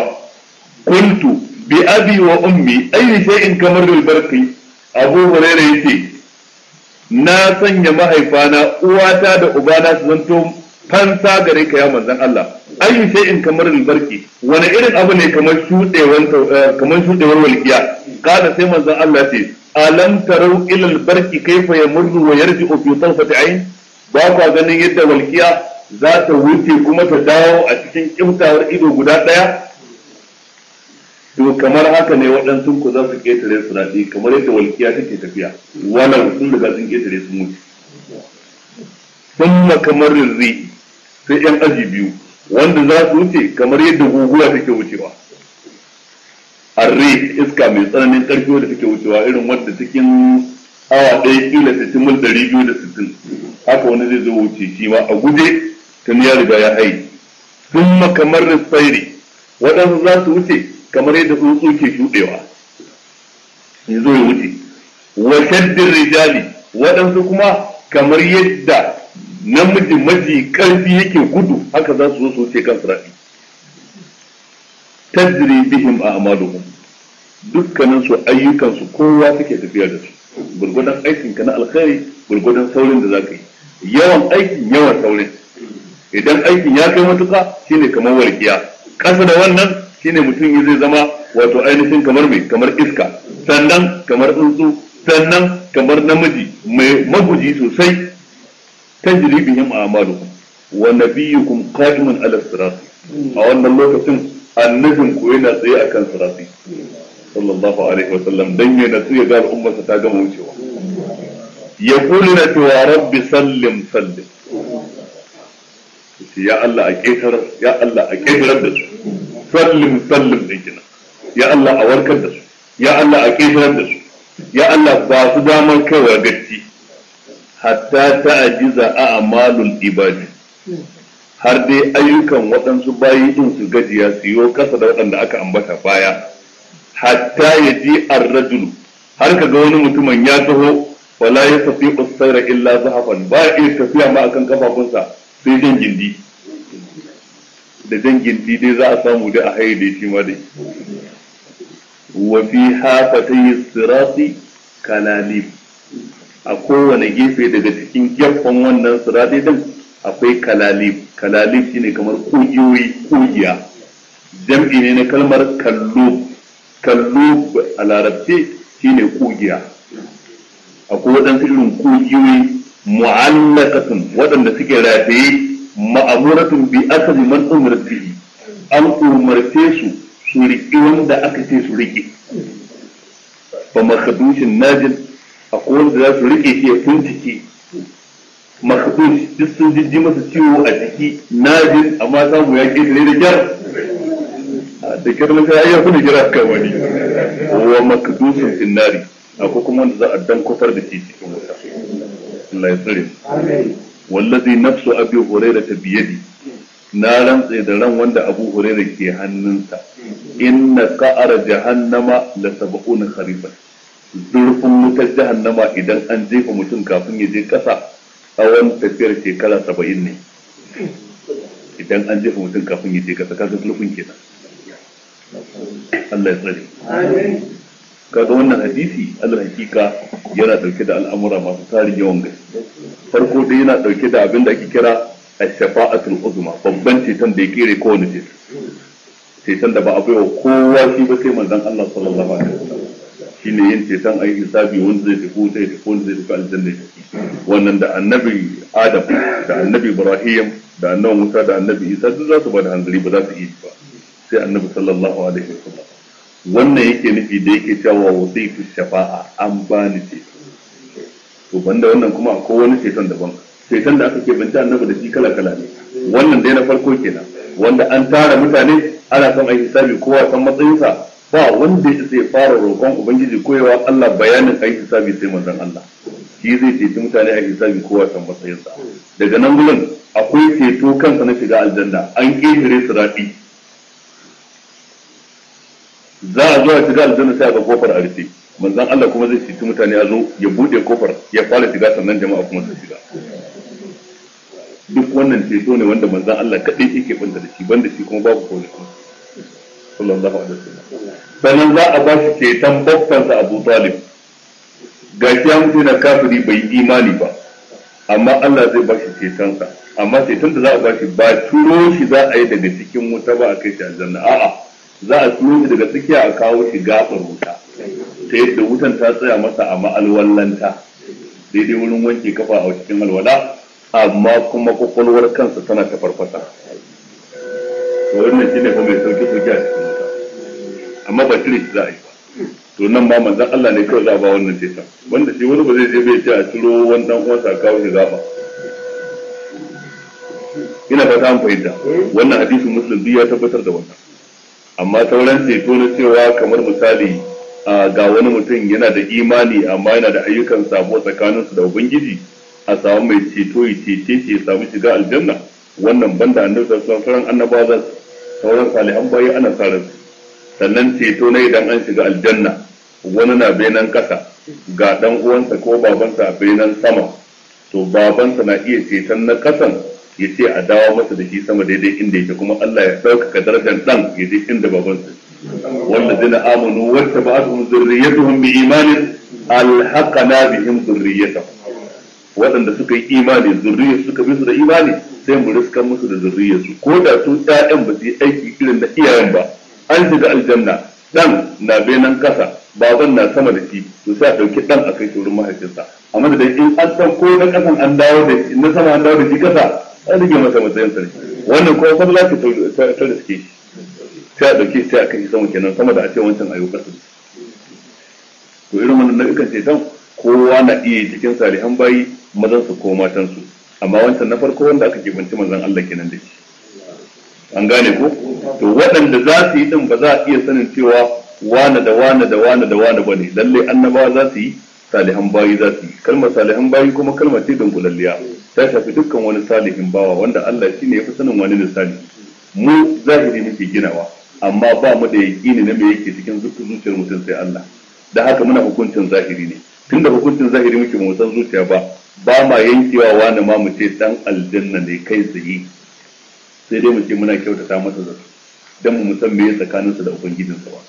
kuntu bi abi wa ummi ayi shay'in kamar bil barqi abu hurairah yace na sanya mahaifana uwata da ubana su zanto fansa gare ka ya manzon Allah ayi shay'in kamar bil barqi wani irin abu ne kamar shudewan eh, kamar shudewar walƙiya kada sai manzon Allah ce alam tarau barki al barqi kayfa yamurru wa yarji'u fi tarfati ayn ba kwa ganin yadda walƙiya za ta wuce kuma ta dawo a cikin kimtawar ido guda ɗaya to kamar haka ne waɗansu ku za su ƙetare su raɗi kamar yadda walƙiya take tafiya wannan sun riga sun ƙetare su mutu sun kamar rirri sai yan aji biyu wanda za su wuce kamar yadda guguwa take wucewa arri iska mai tsananin ƙarfi wadda take wucewa irin wadda cikin awa ɗaya kila ta ci mil ɗari biyu da sittin haka wani zai zo wuce shi ma a guje tun ya riga ya haye sun kamar tsairi waɗansu za su wuce kamar yadda tsuntsu ke shuɗewa ya zo ya wuce wa shaddin rijali waɗansu kuma kamar yadda namiji maji ƙarfi yake gudu haka za su zo su wuce kan sirati tajiri bihim a amaluhum dukkanin su ayyukansu kowa suke tafiya da su gurgudan aikinka na alkhairi gurgudan saurin da za ka yi yawan aikin yawan saurin idan aikin ya kai matuka shine kamar walƙiya kasa da wannan shine mutum zai zama wato ainihin kamar mai kamar iska sannan kamar tsuntsu sannan kamar namiji mai maguji sosai kan yamma yin a'malukum wa nabiyyukum qa'imun ala sirati a wannan lokacin annabin ku yana tsaye akan sirati sallallahu alaihi wa sallam dan yana natsu ya ga al'ummarsa ta gama wucewa ya kuli na cewa rabbi sallim sallim ya Allah a ƙetar ya da su sallim sallim din kina ya Allah a warkar da su ya Allah a ƙetar da su ya Allah ba su damar kaiwa gatti hatta ta a amalul har dai ayyukan waɗansu bayi din su gajiya su yi kasa da waɗanda aka ambata baya hatta ya ji arrajulu har ka ga wani mutumin ya taho wala tafi usaira illa zahafan, ba iya tafiya ma akan kafafunsa sai jan gindi da jan gindi dai za a samu dai a haye da shi ma dai wa fi yi sirasi kalali a kowane gefe daga cikin gefen wannan sirati din akwai kalali kalali shine kamar kugiyoyi kugiya jam'i ne na kalmar kallo, kallo a larabci shine kugiya akwai waɗansu irin ƙugiyoyi mu'allaqatun waɗanda suke rataye ma'amuratun bi akali man umrat bihi an umarce su su riƙi wanda aka ce su riƙe ba makadushin najin akwai wanda za su riƙe shi ya bincike makadush duk sun jijji masa ciwo a jiki najin amma samu ya ƙetare da kyar da kyar na sai ayyar kuna kira kan wani wa makadushin finnari akwai kuma wanda za a dan kufar da shi cikin wuta Allah ya tsare wallazi nafsu abi hurairah ta biyadi na rantsa da ran wanda abu hurairah ke hannunsa inna qa'ara jahannama la sab'una kharifan zurfin wutar jahannama idan an jefa mutum kafin ya je kasa tsawon tafiyar shekara saba'in ne idan an jefa mutum kafin ya je kasa kaga zurfin kenan Allah ya tsare kaga wannan hadisi allah hakika yana dauke da al'amura masu tarin yawan gaske farko dai yana dauke da abin da ake kira ash-shafa'atul uzma babban ceton da ya kere kowane ceto ceton da ba a baiwa kowa shi ba sai manzon Allah sallallahu alaihi wasallam shine yin ceton ayi hisabi wanda zai tafi wuta zai tafi wanda zai tafi aljanna ya tafi wannan da annabi Adam da annabi Ibrahim da annabi Musa da annabi Isa duk za su bada hankali ba za su yi ba sai annabi sallallahu alaihi wasallam wannan yake nufi da yake cewa shafa shafa'a an ni ceto to banda wannan kuma a wani ceton daban ceton da aka ke binta annabi da shi kala kala ne wannan dai na farko kenan wanda an tara mutane ana son a yi hisabi kowa san matsayinsa ba wanda ya sai fara roƙon ubangiji koyewa Allah bayanin a yi hisabi sai manzon Allah shi zai ceci mutane a yi hisabi kowa san matsayinsa daga nan gudun, akwai ceto kansa na shiga aljanna an hire su za a zo a shiga aljanna sai a ga kofar a rufe manzon Allah kuma zai ci mutane a zo ya bude kofar ya fara shiga sannan jama'a kuma su shiga duk wannan ceto ne wanda manzon Allah kadai yake banta da shi banda shi kuma babu kowa sallallahu alaihi wasallam sannan za a ba shi ceton bakkansa Abu Talib gashi ya mutu na kafiri bai imani ba amma Allah zai ba shi cetonsa amma ceton da za a ba shi ba turo shi za a yi daga cikin wuta ba a kai shi aljanna a'a za a turo shi daga tsakiya a kawo shi gaɓar wuta ta yadda wutan ta tsaya masa a ma'alwallanta daidai wurin wanke kafa a cikin alwala amma kuma kwakwalwar kansa tana ta farfasa to wannan shine kuma mai sauki sauki a cikin wuta amma ba cire shi za a yi ba to nan ma manzon Allah ne kawai za a ba wannan ta. wanda shi wani ba zai je bai ce a turo wannan uwansa a kawo shi gaɓa ina fata an fahimta wannan hadisin muslim ya tabbatar da wannan amma sauran ceto na cewa kamar misali ga wani mutum yana da imani amma yana da ayyukan sabo tsakaninsu da ubangiji a samu mai ceto ya cece shi ya samu shiga aljanna wannan banda annabi sallallahu alaihi annaba za sauran salihan bayi ana sarar sannan ceto na idan an shiga aljanna wani na benan kasa ga dan uwansa ko babansa a benan sama to babansa na iya ceton na kasan ya ce a dawo masa da shi sama daidai inda yake kuma Allah ya sauƙaƙa darajar ɗan ya je inda babansa wanda zina amanu wacce ba su hun bi imanin alhaqana bihim ta. waɗanda suka yi imani zurriyar suka bi su da imani sai mu riska musu da zurriyar su ko da su ɗayan ba su yi aiki irin da iyayen ba an shiga aljanna Ɗan na benan kasa baban na sama da shi to sai a ɗauki ɗan a kai shi wurin mahaifinsa amma da in an san ko na ƙasan an dawo da shi na sama an dawo da shi kasa an rage masa matsayin sarki wannan kuma fadla za ta riske shi sai a ɗauke sai a kashe sama kenan sama da a ce wancan a ayyukan su to irin wannan nau'ikan ceton kowa na iya cikin salihan bayi mazan su ko matan su amma wancan na farko wanda aka kebanci mazan Allah kenan da shi an gane ko to waɗanda za su yi din ba za a iya sanin cewa wane da wane da wane da wane bane lalle annabawa za su yi salihan bayi za su yi kalmar salihan bayi kuma kalmar ce dunkulalliya ta shafi dukkan wani salihin bawa wanda Allah shi ne ya fi sanin wani misali mu zahiri muke ginawa amma ba mu da yaƙini na me yake cikin zuciyar mutum sai Allah da haka muna hukuncin zahiri ne tunda hukuncin zahiri muke mu san zuciya ba ba ma yankewa wani ma mu ce dan aljanna ne kai tsaye sai dai mu ce muna kyautata masa zato dan mu san me ya tsakaninsa da ubangijinsa ba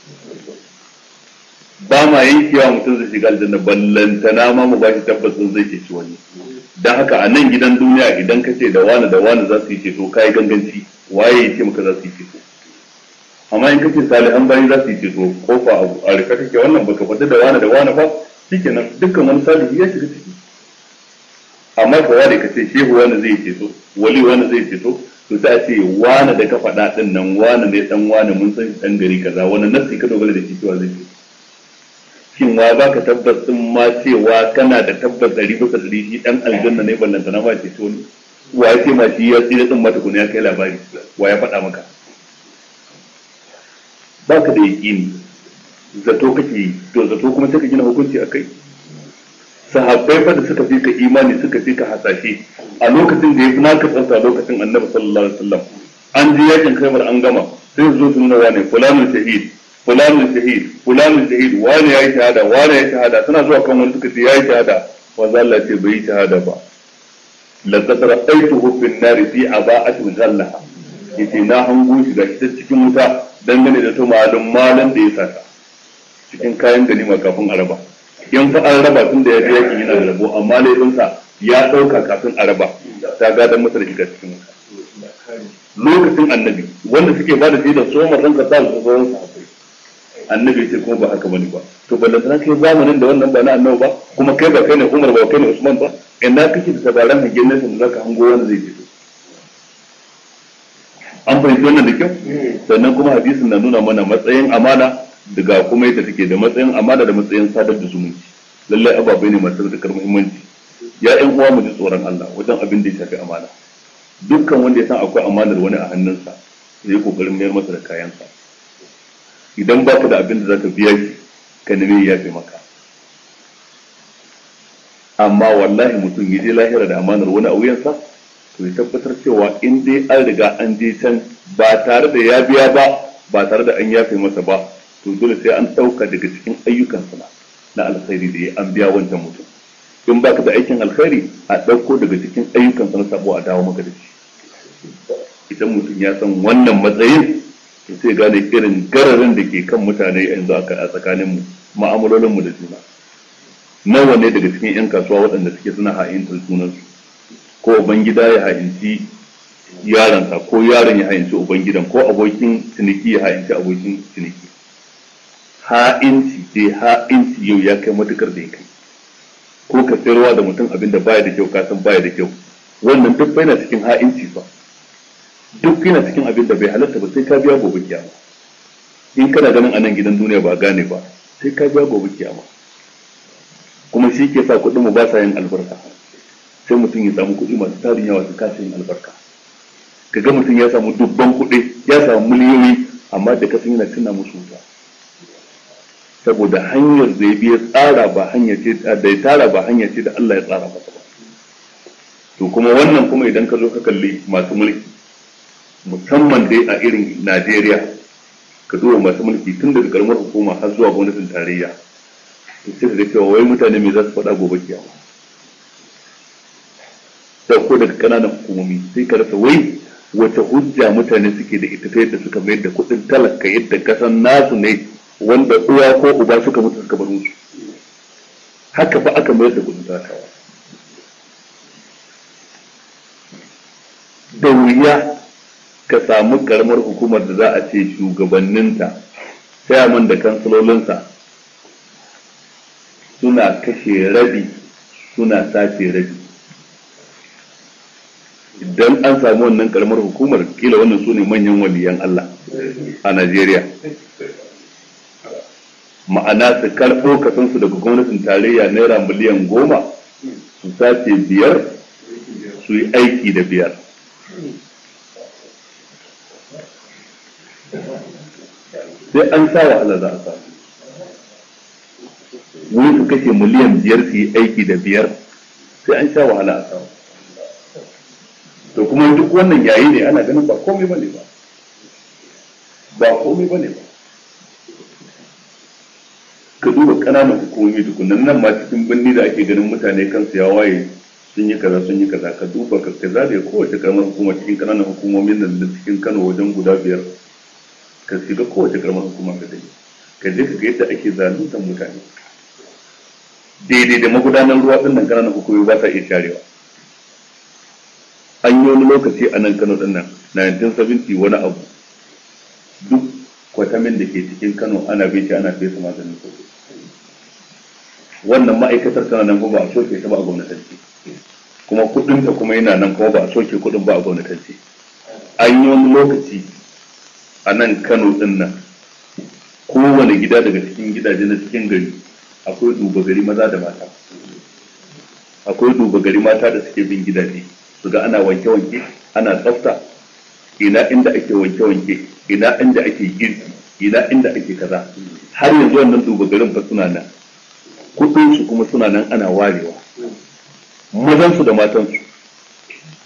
ba ma yankewa mutum zai shiga aljanna ballantana ma mu ba shi tabbacin zai ceci wani don haka a nan gidan duniya idan ka ce da wani da wani za su yi ceto kayi ganganci waye ya ce maka za su yi ceto amma in ka kace salihan bayi za su yi ceto kofa a rika kake wannan baka faɗi da wani da wani ba nan dukkan wani salihi ya shiga ciki amma ka ware ka ce shehu wani zai ceto wali wani zai ceto to sai a ce wani da ka faɗa ɗin nan wani ne ɗan wani mun san ɗan gari kaza wani sai ka dogara da shi cewa zai ceto shin ka/ba ka tabbas din ma cewa kana da tabbas da bisa ɗari shi dan aljanna ne ballanta na ba ce to ne wa ya ce ma shi ya tsira din mata kuna ya kai labari wa ya faɗa maka Ba ka da yaƙini zato kake yi to zato kuma sai ka gina hukunci a kai sahabbai fa da suka fi ka imani suka fi ka hasashe a lokacin da ya fi naka tsanta lokacin annabi sallallahu alaihi wasallam an je yakin kaibar an gama sai zo su nuna wane fulanin shahid fulanun shahid fulanun shahid wani yayi shahada wani yayi shahada suna zuwa kan wani suka ce yayi shahada manzo Allah ce bai yi shahada ba laqad ra'aytuhu fin nari fi aba'atin zallaha yace na hango shi ga shi cikin wuta dangane da malam-malam da ya saka cikin kayan ganima kafin araba in fa an raba tun da ya je yakin yana da rabo amma laifinsa ya ɗauka kafin araba ta ga gadon masa da shiga cikin wuta lokacin annabi wanda suke ba da shaidar so masan ka sa su zo annabi ce kuma ba haka bane ba to ballan sanan kai zamanin da wannan ba na annabi ba kuma kai ba kai ne Umar ba kai ne Usman ba ina kake da tabaran hangen na da zaka hango wanda zai fito an fahimci wannan da kyau eh. sannan kuma hadisin na nuna mana matsayin amana daga kuma yadda take da matsayin amana da matsayin sadar da zumunci lallai ababai ne masu da muhimmanci ya ɗan uwa mu ji tsoron Allah wajen abin da ya shafi amana dukkan wanda ya san akwai amanar wani a hannunsa ya yi kokarin mayar masa da kayansa idan ba ka da abin da za ka biya ki, ka nemi ya fi maka amma wallahi mutum ya je lahira da amanar wani a wuyansa to ya tabbatar cewa in dai an riga an je can ba tare da ya biya ba ba tare da an yafe masa ba to dole sai an ɗauka daga cikin ayyukansa na alkhairi da ya an biya wancan mutum in baka da aikin alkhairi a ɗauko daga cikin ayyukansa na sabo a dawo maka da shi idan mutum ya san wannan matsayin to sai gane irin gararin da ke kan mutane yanzu a tsakanin mu ma'amalolin mu da juna nawa ne daga cikin yan kasuwa waɗanda suke suna ha'intar junansu ko ubangida ya ha'inci yaronsa ko yaron ya ha'inci ubangidan ko abokin ciniki ya ha'inci abokin ciniki ha'inci dai ha'inci yau ya kai matukar da ya kai ko ka sayarwa da mutum abin da baya da kyau kasan baya da kyau wannan duk bai na cikin ha'inci ba duk yana cikin abin da bai halatta ba sai ka biya gobe kiyama in kana ganin anan gidan duniya ba gane ba sai ka biya gobe kiyama kuma shi ke sa kuɗin mu ba sa yin albarka sai mutum ya samu kuɗi masu tarin yawa su kasa yin albarka ka ga mutum ya samu dubban kuɗi ya samu miliyoyi amma da kasan yana tuna musu wuta saboda hanyar da ya biya tsara ba hanya ce da ya tara ba hanya ce da Allah ya tsara masa ba to kuma wannan kuma idan ka zo ka kalli masu mulki musamman dai a irin najeriya ka duba masu mulki tun daga karamar hukuma har zuwa gwamnatin tarayya sai da cewa wai mutane me za su faɗa gobe kiyama da ko daga kananan hukumomi sai ka rasa wai wace hujja mutane suke da ita ta yadda suka mayar da kuɗin talaka yadda kasan nasu ne wanda uwa ko uba suka mutu suka bar musu haka fa aka mayar da kuɗin talakawa da wuya ka samu karamar hukumar da za a ce shugabanninta chairman da kansilolinsa suna kashe rabi suna sace rabi idan an samu wannan karamar hukumar kila wannan su ne manyan waliyan Allah a Najeriya ma'ana su karɓo kasansu daga gwamnatin tarayya naira miliyan goma su sace biyar su yi aiki da biyar sai an sa wahala za a sa wani su kashe miliyan biyar su yi aiki da biyar sai an sha wahala a sa to kuma duk wannan yayi ne ana ganin ba komai ba ne ba ba komai ba ne ba ka duba ƙananan hukumomi tukunan nan ma cikin birni da ake ganin mutane kansu ya waye sun yi kaza sun yi kaza ka duba ka kaza da kowace karamar hukuma cikin ƙananan hukumomin nan cikin kano wajen guda biyar ka shiga kowace karamar hukuma ka dai ka je ka ga yadda ake zaluntar mutane daidai da magudanar ruwa din nan kananan hukumomi ba sa iya sharewa an yi wani lokaci a nan kano din nan 1970 wani abu duk kwatamin da ke cikin kano ana bin shi ana fesa maganin sosai wannan ma'aikatar tana nan ba a soke ta ba a gwamnatance kuma kudin ta kuma yana nan kuma ba a soke kudin ba a gwamnatance an yi wani lokaci a nan kano din nan kowane gida daga cikin gidaje na cikin gari akwai duba gari maza da mata akwai duba gari mata da suke bin gidaje su ga ana wanke-wanke ana tsafta ina inda ake wanke-wanke ina inda ake girki ina inda ake kaza har yanzu wannan duba garin fa suna nan kuɗinsu su kuma suna nan ana warewa mazansu da matansu.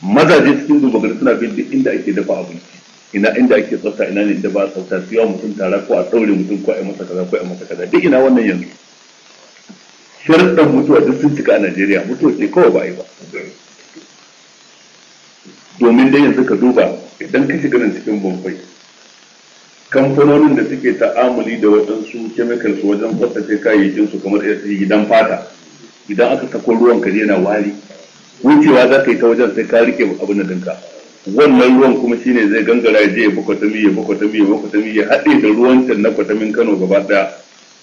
mazaje cikin duba gari suna bin duk inda ake dafa abinci ina inda ake tsafta ina ne inda ba tsafta su yawa mutum tara ko a ɗaure mutum ko a yi masa kaza ko a yi masa kaza duk ina wannan yanzu sharuɗan mutuwa duk sun cika a najeriya mutuwa ce kawai ba a yi ba domin dai yanzu ka duba idan ka shiga nan cikin bambai kamfanonin da suke ta'amuli da waɗansu su wajen tsaftace kayayyakin su kamar irin gidan fata idan aka sako ruwan ka yana wari wucewa za ka yi ta wajen sai ka rike abin da dinka wannan ruwan kuma shine zai gangara je ya ta kwatami ya ta kwatami ya ta kwatami ya haɗe da ruwan can na kwatamin Kano gaba ɗaya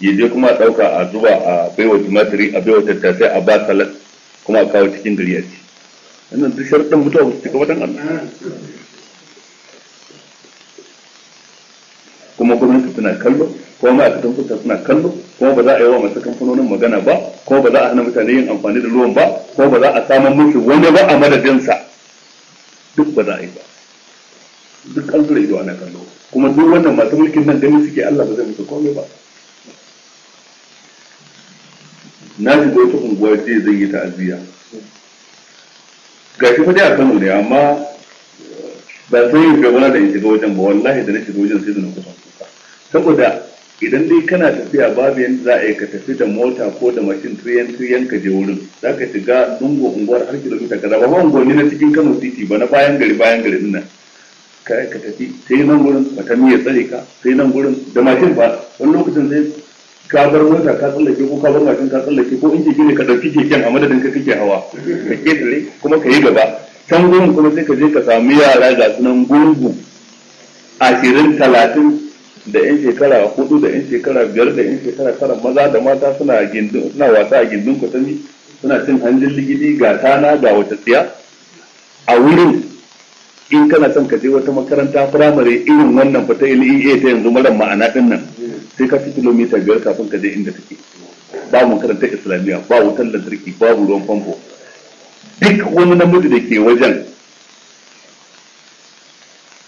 ya je kuma a ɗauka a zuba a baiwa tumatiri a baiwa tattasai a ba salat kuma a kawo cikin gari a ci wannan duk sharuɗin mutuwa ba cika watan Allah kuma gwamnati suna kallo kuma ma'aikatan kusa suna kallo kuma ba za a yi wa masu kamfanonin magana ba kuma ba za a hana mutane yin amfani da ruwan ba kuma ba za a samar musu wani ba a madadinsa ba za a yi ba duk an zura ido ana kallo kuma duk wannan masu mulkin nan ganin suke Allah ba zai musu komai ba na ji wata unguwa ce zai yi ta'aziyya ga shi fadi a Kano ne amma ba sai yin gabana da in shiga wajen ba wallahi da na shiga wajen sai da na kusa saboda idan dai kana tafiya babu yadda za a yi ka tafi da mota ko da mashin tuyen tuyen ka je wurin za ka shiga dungo unguwar har kilomita kaza ba ba unguwanni na cikin kano City ba na bayan gari bayan gari dinnan ka ka tafi sai nan gurin ba ta miya tsare ka sai nan gurin da mashin ba wani lokacin sai ka bar mota ka tsallake ko ka bar mashin ka tsallake ko in keke ne ka ɗauki keken a madadin ka kake hawa ka ketare kuma ka yi gaba can gurin kuma sai ka je ka samu yara ga sunan gungu ashirin talatin da yan shekara hudu da yan shekara biyar da yan shekara tara maza da mata suna gindin suna wasa a gindin kwatami suna cin hanjin ligidi ga tana ga wata tsiya a wurin in kana son ka je wata makaranta firamare irin wannan fata LEA ta yanzu mara ma'ana din nan sai ka fi kilomita biyar kafin ka je inda take ba makarantar islamiyya ba wutar lantarki babu ruwan famfo duk wani namiji da ke wajen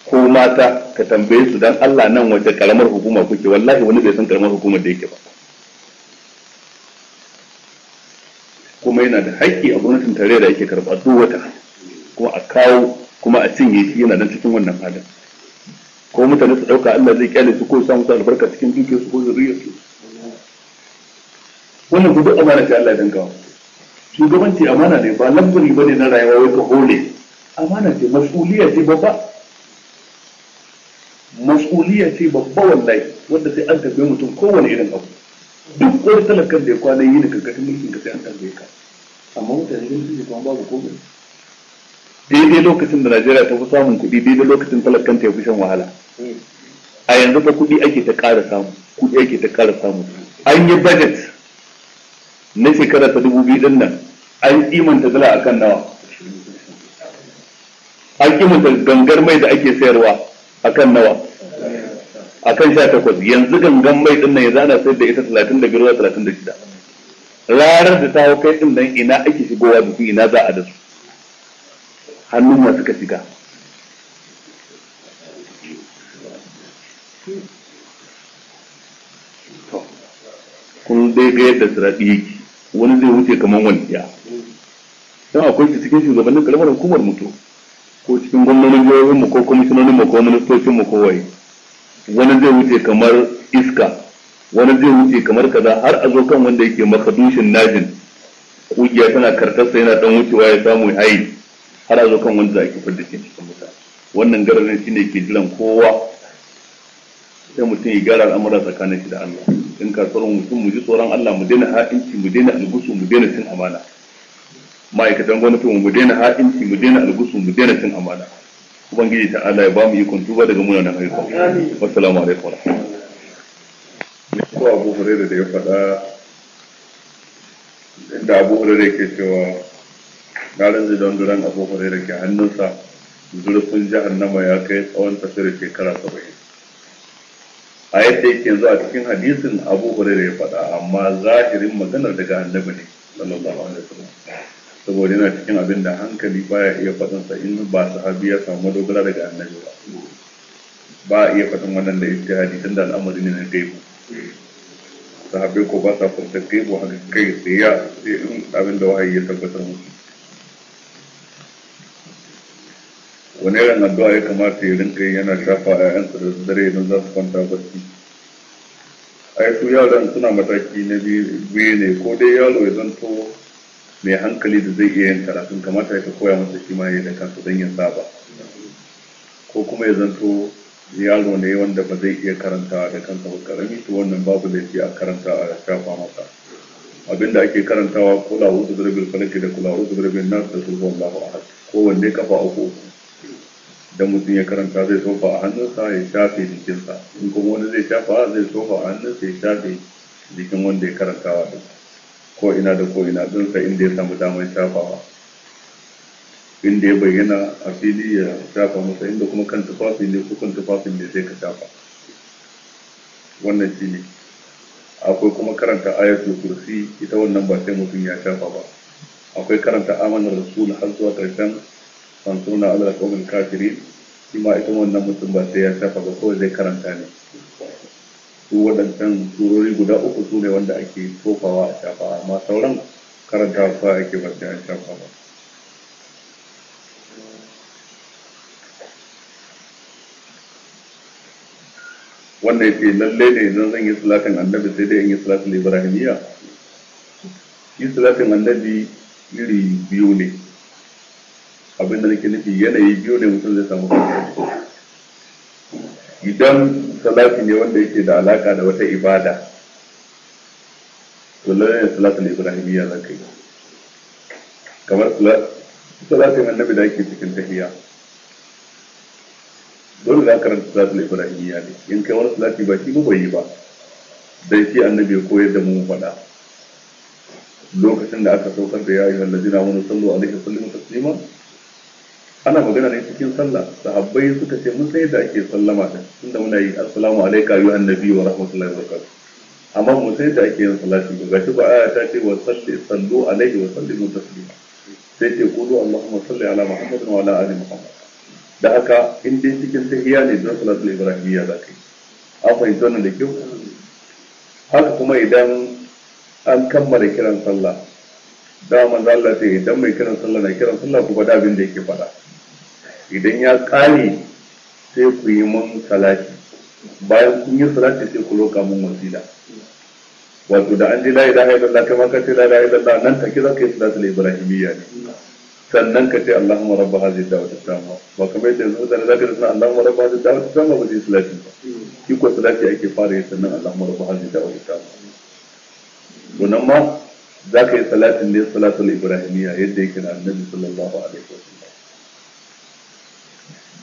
ko mata tambaye su dan Allah nan wace karamar hukuma kuke wallahi wani bai san karamar hukumar da yake ba kuma yana da haƙƙi a gwamnatin tarayya da yake karɓa duk wata kuma a kawo kuma a cinye shi yana nan cikin wannan halin ko mutane su ɗauka Allah zai kyale su ko su samu su albarka cikin dukiyar su ko zuriyar su wannan gudu duk amana ce Allah ya danka shugabanci amana ne ba lambari bane na rayuwa wai ka hole amana ce mas'uliyya ce babba mas'uliya ce babba wallahi wanda sai an tambaye mutum kowane irin abu duk wani talakan da ya kwana yi da karkashin mulkin ka sai an tambaye ka amma mutane ganin suke kwan babu komai daidai lokacin da najeriya ta fi samun kuɗi daidai lokacin talakan ta fi shan wahala a yanzu fa kuɗi ake ta ƙara samu kuɗi ake ta ƙara samu an yi budget na shekara ta dubu biyu ɗin nan an imanta a kan nawa an imanta gangar mai da ake sayarwa a kan nawa a kan sha takwas yanzu gangan mai din nan yanzu ana sai da ita talatin da biyar talatin da shida ranar da ta hau kai din nan ina ake shigowa da su ina za a da su hannun masu ka shiga kun dai ga yadda siraɗi yake wani zai wuce kamar wanciya don akwai shi cikin shugabannin kalmar hukumar mutu ko cikin gwamnonin jihohin mu ko kwamishinonin mu ko ministocin mu ko waye wani zai wuce kamar iska wani zai wuce kamar kaza har a zo kan wanda yake makadushin najin kugiya tana kartarsa yana dan wucewa ya samu hayi har a zo kan wanda ake a kifar da cikin mutane wannan shi shine ke jiran kowa sai mutum ya gyara al'amura tsakanin shi da Allah in kasuwar mutum mu ji tsoron Allah mu daina ha'inci mu daina albusu mu daina cin amana ma'aikatan gwamnati mu daina ha'inci mu daina albusu mu daina cin amana ubangiji ta Allah ya ba mu ikon tuba daga munanan ayyuka assalamu alaikum ko abu hurairu da ya faɗa inda abu hurairu ke cewa garin zidon duran abu hurairu ke hannunsa zurfin jahannama ya kai tsawon tafiyar shekara saba'in a yadda yake yanzu a cikin hadisin abu hurairu ya faɗa amma zahirin maganar daga annabi ne sallallahu alaihi sallam. saboda yana cikin abin da hankali baya iya faɗin sa in ba sahabi ya samu madogara daga annabi ba ba a iya faɗin wannan da hadi tun da al'amari ne na gaibu sahabai ko ba sa furta gaibu haka kai ya sai in abin da wahayi ya tabbatar musu wani irin addu'a ya kamata ya rinka yana shafa a yansa da dare don za su kwanta barci ai su yaran suna mataki na biyu ne ko dai yaro ya zanto mai hankali da zai iya yin karatun kamata ya koya masa shi ma da kansa don yin saba ko kuma ya zanto yaro ne wanda ba zai iya karantawa da kansa ba karami to wannan babu laifi a karantawa ya shafa masa abinda ake karantawa kula wuzu birbin falaki da kula wuzu birbin nas da a lahu ahad kowanne kafa uku idan mutum ya karanta zai sofa a hannunsa ya shafe jikinsa in kuma wani zai shafa zai sofa a hannunsa ya shafe jikin wanda ya karantawa da ko ina da ko ina dinsa inda ya samu damar shafawa inda ya bayyana a fili ya shafa masa inda kuma kan tufafi ne ko kan tufafin ne sai ka shafa wannan shi akwai kuma karanta ayatul kursi ita wannan ba sai mutum ya shafa ba akwai karanta amanar rasul har zuwa karshen sansuna ala kawai kafiri shi ma ita wannan mutum ba sai ya shafa ba kawai zai karanta ne su waɗannan turori guda uku su ne wanda ake tofawa a shafa amma sauran karanta su ake barci a shafa ba wanda ya ce lalle ne idan zan yi salatin annabi sai dai in yi salatin ibrahimiyya yi salatin annabi iri biyu ne abinda nake nufi yanayi biyu ne mutum zai samu kansa idan salati ne wanda yake da alaka da wata ibada to lallai salatul ibrahimiyya zaka yi kamar salatin annabi da yake cikin tahiyya dole za karanta salatul ibrahimiyya ne in kai wani salati ba shi ba yi ba dai shi annabi ya koyar da mu faɗa lokacin da aka saukar da ya yi wallazina wani sallu alaihi sallimu taslima ana magana ne cikin sallah sahabbai suka ce mun sai da ake sallama da tunda muna yi assalamu alayka ayu annabi wa rahmatullahi wa barakatuh amma mun sai da ake yin salati ga shi ba aya ta ce wa salli sallu alaihi wa sallimu taslima sai ce qulu allahumma salli ala muhammad wa ala ali muhammad da haka in dai cikin tahiyya ne don salatul ibrahimiyya za ka yi an fahimta wannan da kyau haka kuma idan an kammala kiran sallah da manzo Allah sai idan mai kiran sallah na kiran sallah kuma da abin da yake faɗa idan ya kare sai ku yi mun salati bayan kun yi salati sai ku roƙa mun wasila wato da an ji la ilaha illallah kai ka ce la ilaha illallah nan take za ka yi da ibrahimiyya ne sannan ka ce allahumma rabb hadhihi da'wati tamma ba kuma yadda yanzu da zaka ka ce allahumma rabb hadhihi da'wati tamma ba zai salati ba ki ko salati ake fara yi sannan allahumma rabb hadhihi da'wati tamma to ma za ka yi salatin ne salatul ibrahimiyya yadda yake na annabi sallallahu alaihi wasallam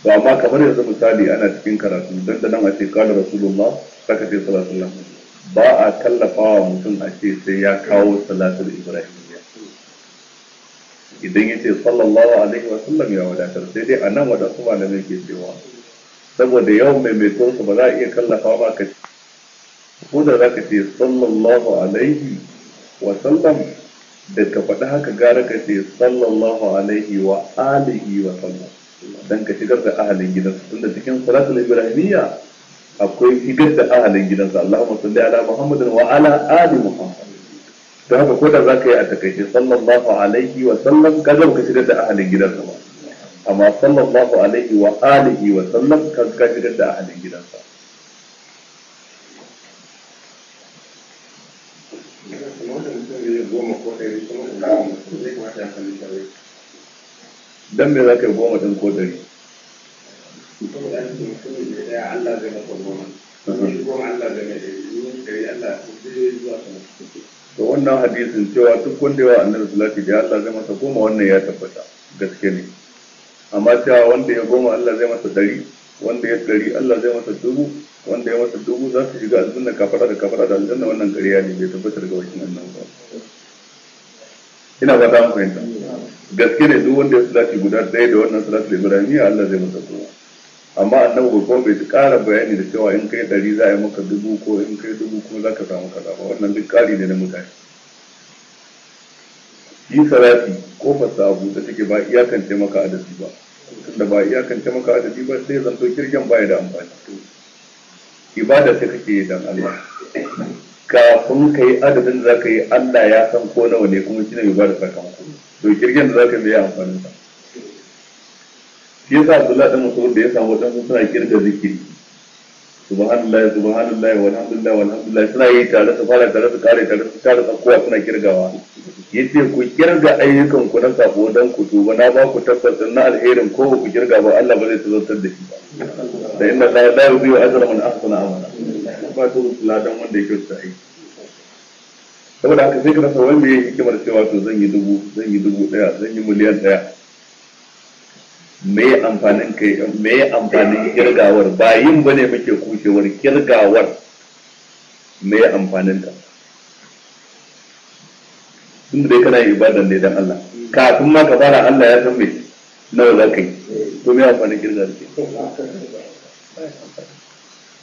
to amma kamar yanzu misali ana cikin karatu dan da nan a ce kala rasulullah saka ce sallallahu alaihi wasallam ba a tallafawa mutum a ce sai ya kawo salatul ibrahim idan ya ce sallallahu alaihi wasallam ya wadatar sai dai a nan wadansu malamai ke cewa saboda yawan maimaito ba za a iya kallafa ba ka ce ko da za ka ce sallallahu alaihi wasallam da ka faɗi haka gara ka ce sallallahu alaihi wa alihi wa sallam dan ka shigar da ahalin gidansa tunda cikin salatul ibrahimiyya akwai shigar da ahalin gidansa Allahumma salli ala Muhammadin wa ala ali Muhammad da haka ko da zaka yi a takaice sallallahu alaihi wa sallam ka zama ka shigar da ahalin gidansa ba amma sallallahu alaihi wa alihi wa sallam ka shigar da ahalin gidansa dan me zaka ka yi goma ɗin ko ɗari to wannan hadisin cewa duk wanda yawa annabi sallallahu da Allah zai masa goma wannan ya tabbata gaske ne amma cewa wanda ya goma Allah zai masa dari wanda ya dari Allah zai masa dubu wanda ya masa dubu za su shiga aljanna kafara da kafara da aljanna wannan gariya ne bai tabbatar ga wajen nan ba ina ba ta fahimta gaske ne duk wanda ya salati guda ɗaya da wannan salatul ibrahimiyya Allah zai masa suna amma annabi ba kuma bai ƙara bayani da cewa in kai ɗari za a yi maka dubu ko in kai dubu kuma za ka samu kaza ba wannan duk ƙari ne na mutane yi salati ko fasa abu da take ba iyakance maka adadi ba tunda ba iyakance maka adadi ba sai zanto kirgen baya da amfani ibada sai kake yi dan Allah kafin ka yi adadin da za ka yi Allah ya san ko nawa ne kuma shi ne bai ba da sakamako to kirgin da za ka biya amfani ta shi yasa Abdullahi dan Mas'ud da ya samu sun suna kirga zikiri subhanallah subhanallah walhamdulillah walhamdulillah suna yi tare su fara tare su kare tare su tare kowa suna kirgawa yace ku kirga ayyukan ku na sabo dan ku tuba na ba ku tabbacin na alherin ko ku kirga ba Allah ba zai tazartar da shi ba. da inna la yubiyu ajra man ahsana amala ba to ladan wanda yake tsayi saboda haka sai ka rasa wanda ya hikimar cewa to zan yi dubu zan yi dubu daya zan yi miliyan daya me amfanin kai me amfanin kirgawar ba yin bane muke kushewar kirgawar me amfanin ka tun dai kana ibadan ne dan Allah kafin ma ka fara Allah ya san me nawa za ka yi to me amfanin kirgawar ke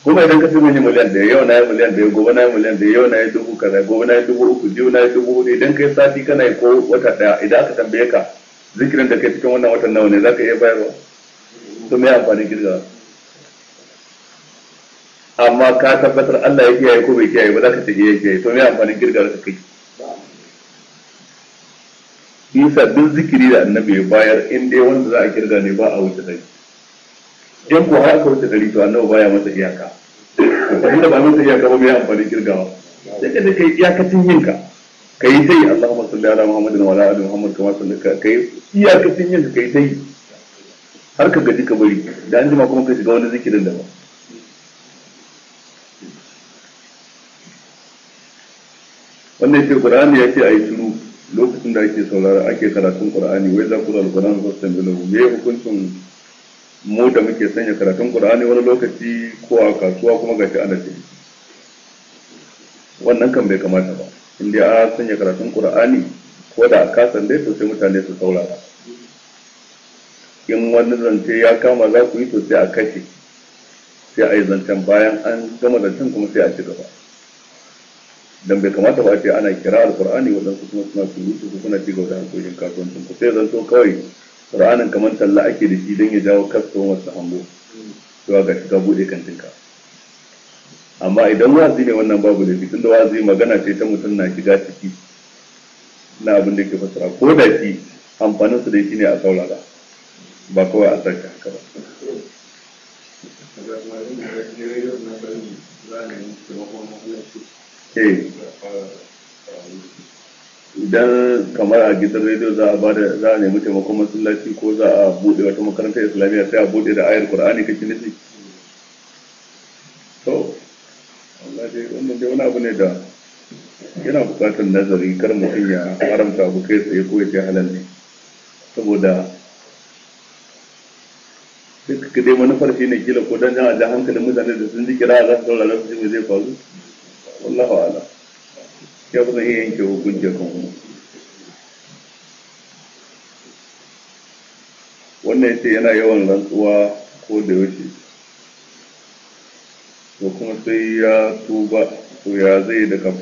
kuma idan ka sami miliyan da yau na yi miliyan da gobe na yi miliyan da yau na yi dubu kaza gobe na yi dubu uku biyu na yi dubu hudu idan kai sati kana yi ko wata daya idan aka tambaye ka zikirin da kai cikin wannan watan nawa ne za ka iya bayarwa to me amfanin girga. amma ka tabbatar Allah ya kiyaye ko bai kiyaye ba za ka ce eh ya kiyaye to me amfanin girga ka kai isa duk zikiri da annabi ya bayar in dai wanda za a kirga ne ba a wuce dai Yan ko har aka gari to annabi baya masa iyaka inda ba masa iyaka ba mai amfani kirgawa sai ka kai iyakacin yinka ka yi sai Allahumma salli ala Muhammadu wa ala ali Muhammad kama sallaka ka yi iyakacin yinka ka yi sai har ka gaji ka bari da an jima kuma ka shiga wani zikirin da ba wannan ce Qur'ani ya ce a yi shiru lokacin da ake saurara ake karatun Qur'ani wai za ku da Qur'ani ko san bilahu me hukuncin mu da muke sanya karatun qur'ani wani lokaci ko a kasuwa kuma gashi ana ciki wannan kan bai kamata ba inda a sanya karatun qur'ani ko da a kasan dai to sai mutane su saurara in wani zance ya kama za ku yi to sai a kashe sai a yi zancen bayan an gama zancen kuma sai a ci gaba dan bai kamata ba a ce ana kira alqur'ani wadansu kuma suna surutu su suna ci gaba da harkokin kasuwancin ku sai zanto kawai Qur'anin kamar talla ake da shi don ya jawo customer masu hango zuwa ga shi ka kantinka amma idan wazi ne wannan babu da tunda wazi magana ce ta mutum na shiga ciki na abin da ke fasara ko da shi amfanin da shi ne a saurara ba kawai a sarki haka ba Eh. idan kamar a gidan rediyo za a bada za a nemi taimakon masallaci ko za a bude wata makarantar islamiyya sai a bude da ayar qur'ani kake nufi to Allah dai wannan dai wani abu ne da yana bukatar nazari kar mutum ya haramta abu kai tsaye ko ya ce halal ne saboda duk dai manufar shi ne kila ko dan a ja hankalin mutane da sun ji kira za su saurara su ji me zai faru wallahu a'lam ya ba zai iya yanke hukunci kan wannan ya ce yana yawan rantsuwa ko da yaushe to kuma sai ya tuba to ya zai da sa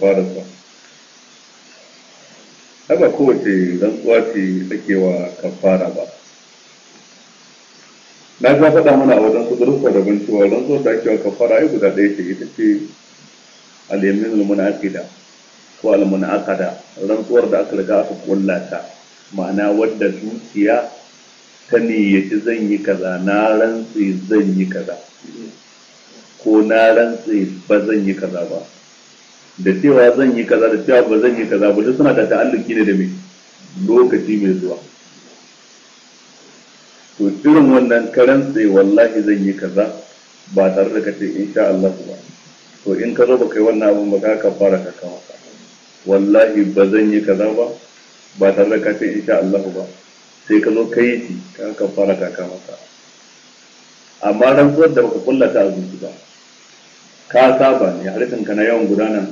haka kowace rantsuwa ce ake wa kafara ba na ga faɗa mana a wajen su durusa da binciwa rantsuwa da ake wa kafara ai guda ɗaya ce ita ce al-yaminul akida ko da, rantsuwar da aka riga aka kullata ma'ana wadda zuciya ta niyyaci zan yi kaza na rantsi zan yi kaza ko na rantsi ba zan yi kaza ba da cewa zan yi kaza da cewa ba zan yi kaza ba duk suna da ta'alluki ne da mai lokaci mai zuwa to irin wannan karan sai wallahi zan yi kaza ba tare da kace insha Allah ba to in ka zo ba kai wannan abin ba ka fara ka kawo wallahi ba zan yi kaza ba ba tare da ka ce insha Allah ba sai ka zo kai shi ka kan fara taka maka amma rantsuwar da baka kulla ta azuci ba ka saba ne harshen ka na yawan gudana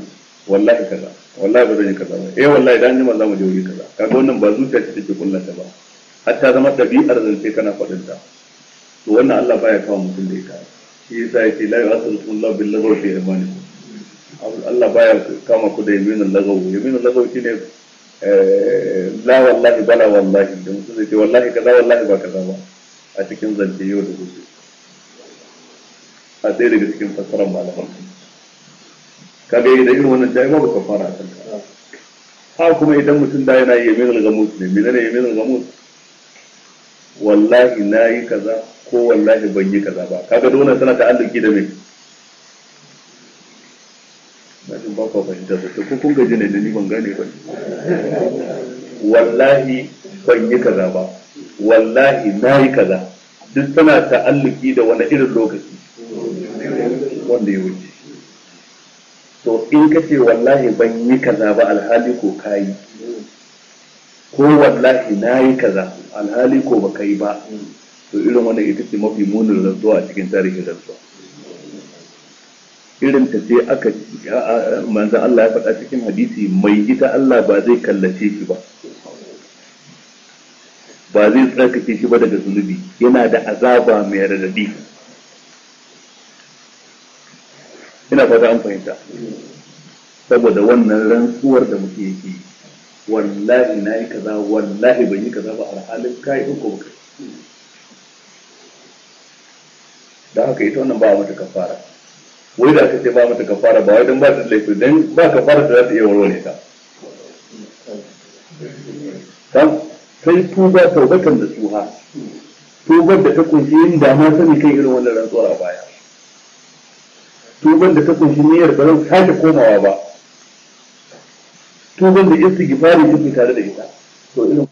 wallahi kaza wallahi ba zan yi kaza ba eh wallahi dan ni za mu je wuri kaza kaga wannan ba zuciya ce take kulla ta ba hatta zama ɗabi'ar zance kana faɗin ta to wannan Allah baya kawo mutum da ita shi yasa yake la yu'akhidhukum Allahu bil-lagwi fi Allah baya kama ku da yamin lagawu yamin lagawu ne, eh, la wallahi bala wallahi da mutum zai ce wallahi kaza wallahi ba kaza ba a cikin zance yau da gobe a ɗaya daga cikin fassarar malaman kaga idan yin wannan ta yi babu fara a kanka ha kuma idan mutum da yana yamin lagawu ne ne yamin lagawu wallahi na yi kaza ko wallahi ban yi kaza ba kaga dole tana ta'alluki da mai kun gaji ne ni ban gane ba wallahi ban yi kaza ba wallahi na yi kaza duk tana ta'alluki da wani irin lokaci wanda ya wuce to in ka ce wallahi ban yi kaza ba alhali ko ka yi ko wallahi na yi kaza alhali ko ba ka yi ba to irin wannan ita ce mafi munin rantsuwa a cikin tarihin rantsuwa irin ta ce aka manzo Allah ya faɗa cikin hadisi mai ita Allah ba zai kallace shi ba ba zai tsarkake shi ba daga zunubi yana da azaba mai radadi ina fata an fahimta saboda wannan rantsuwar da muke yake wallahi na yi kaza wallahi ban yi kaza ba alhalin kai ko ba da haka ita wannan ba mata kafara wai da aka ce ba mata kafara ba wai dan ba ta laifi dan ba kafara da za ta iya warware ta kan sai tuba taubatan da suha tubar da ta kunshi yin da ma sani kai irin wannan rantsuwar a baya tuban da ta kunshi niyyar ba zan sake komawa ba tuban da istighfari take tare da ita to irin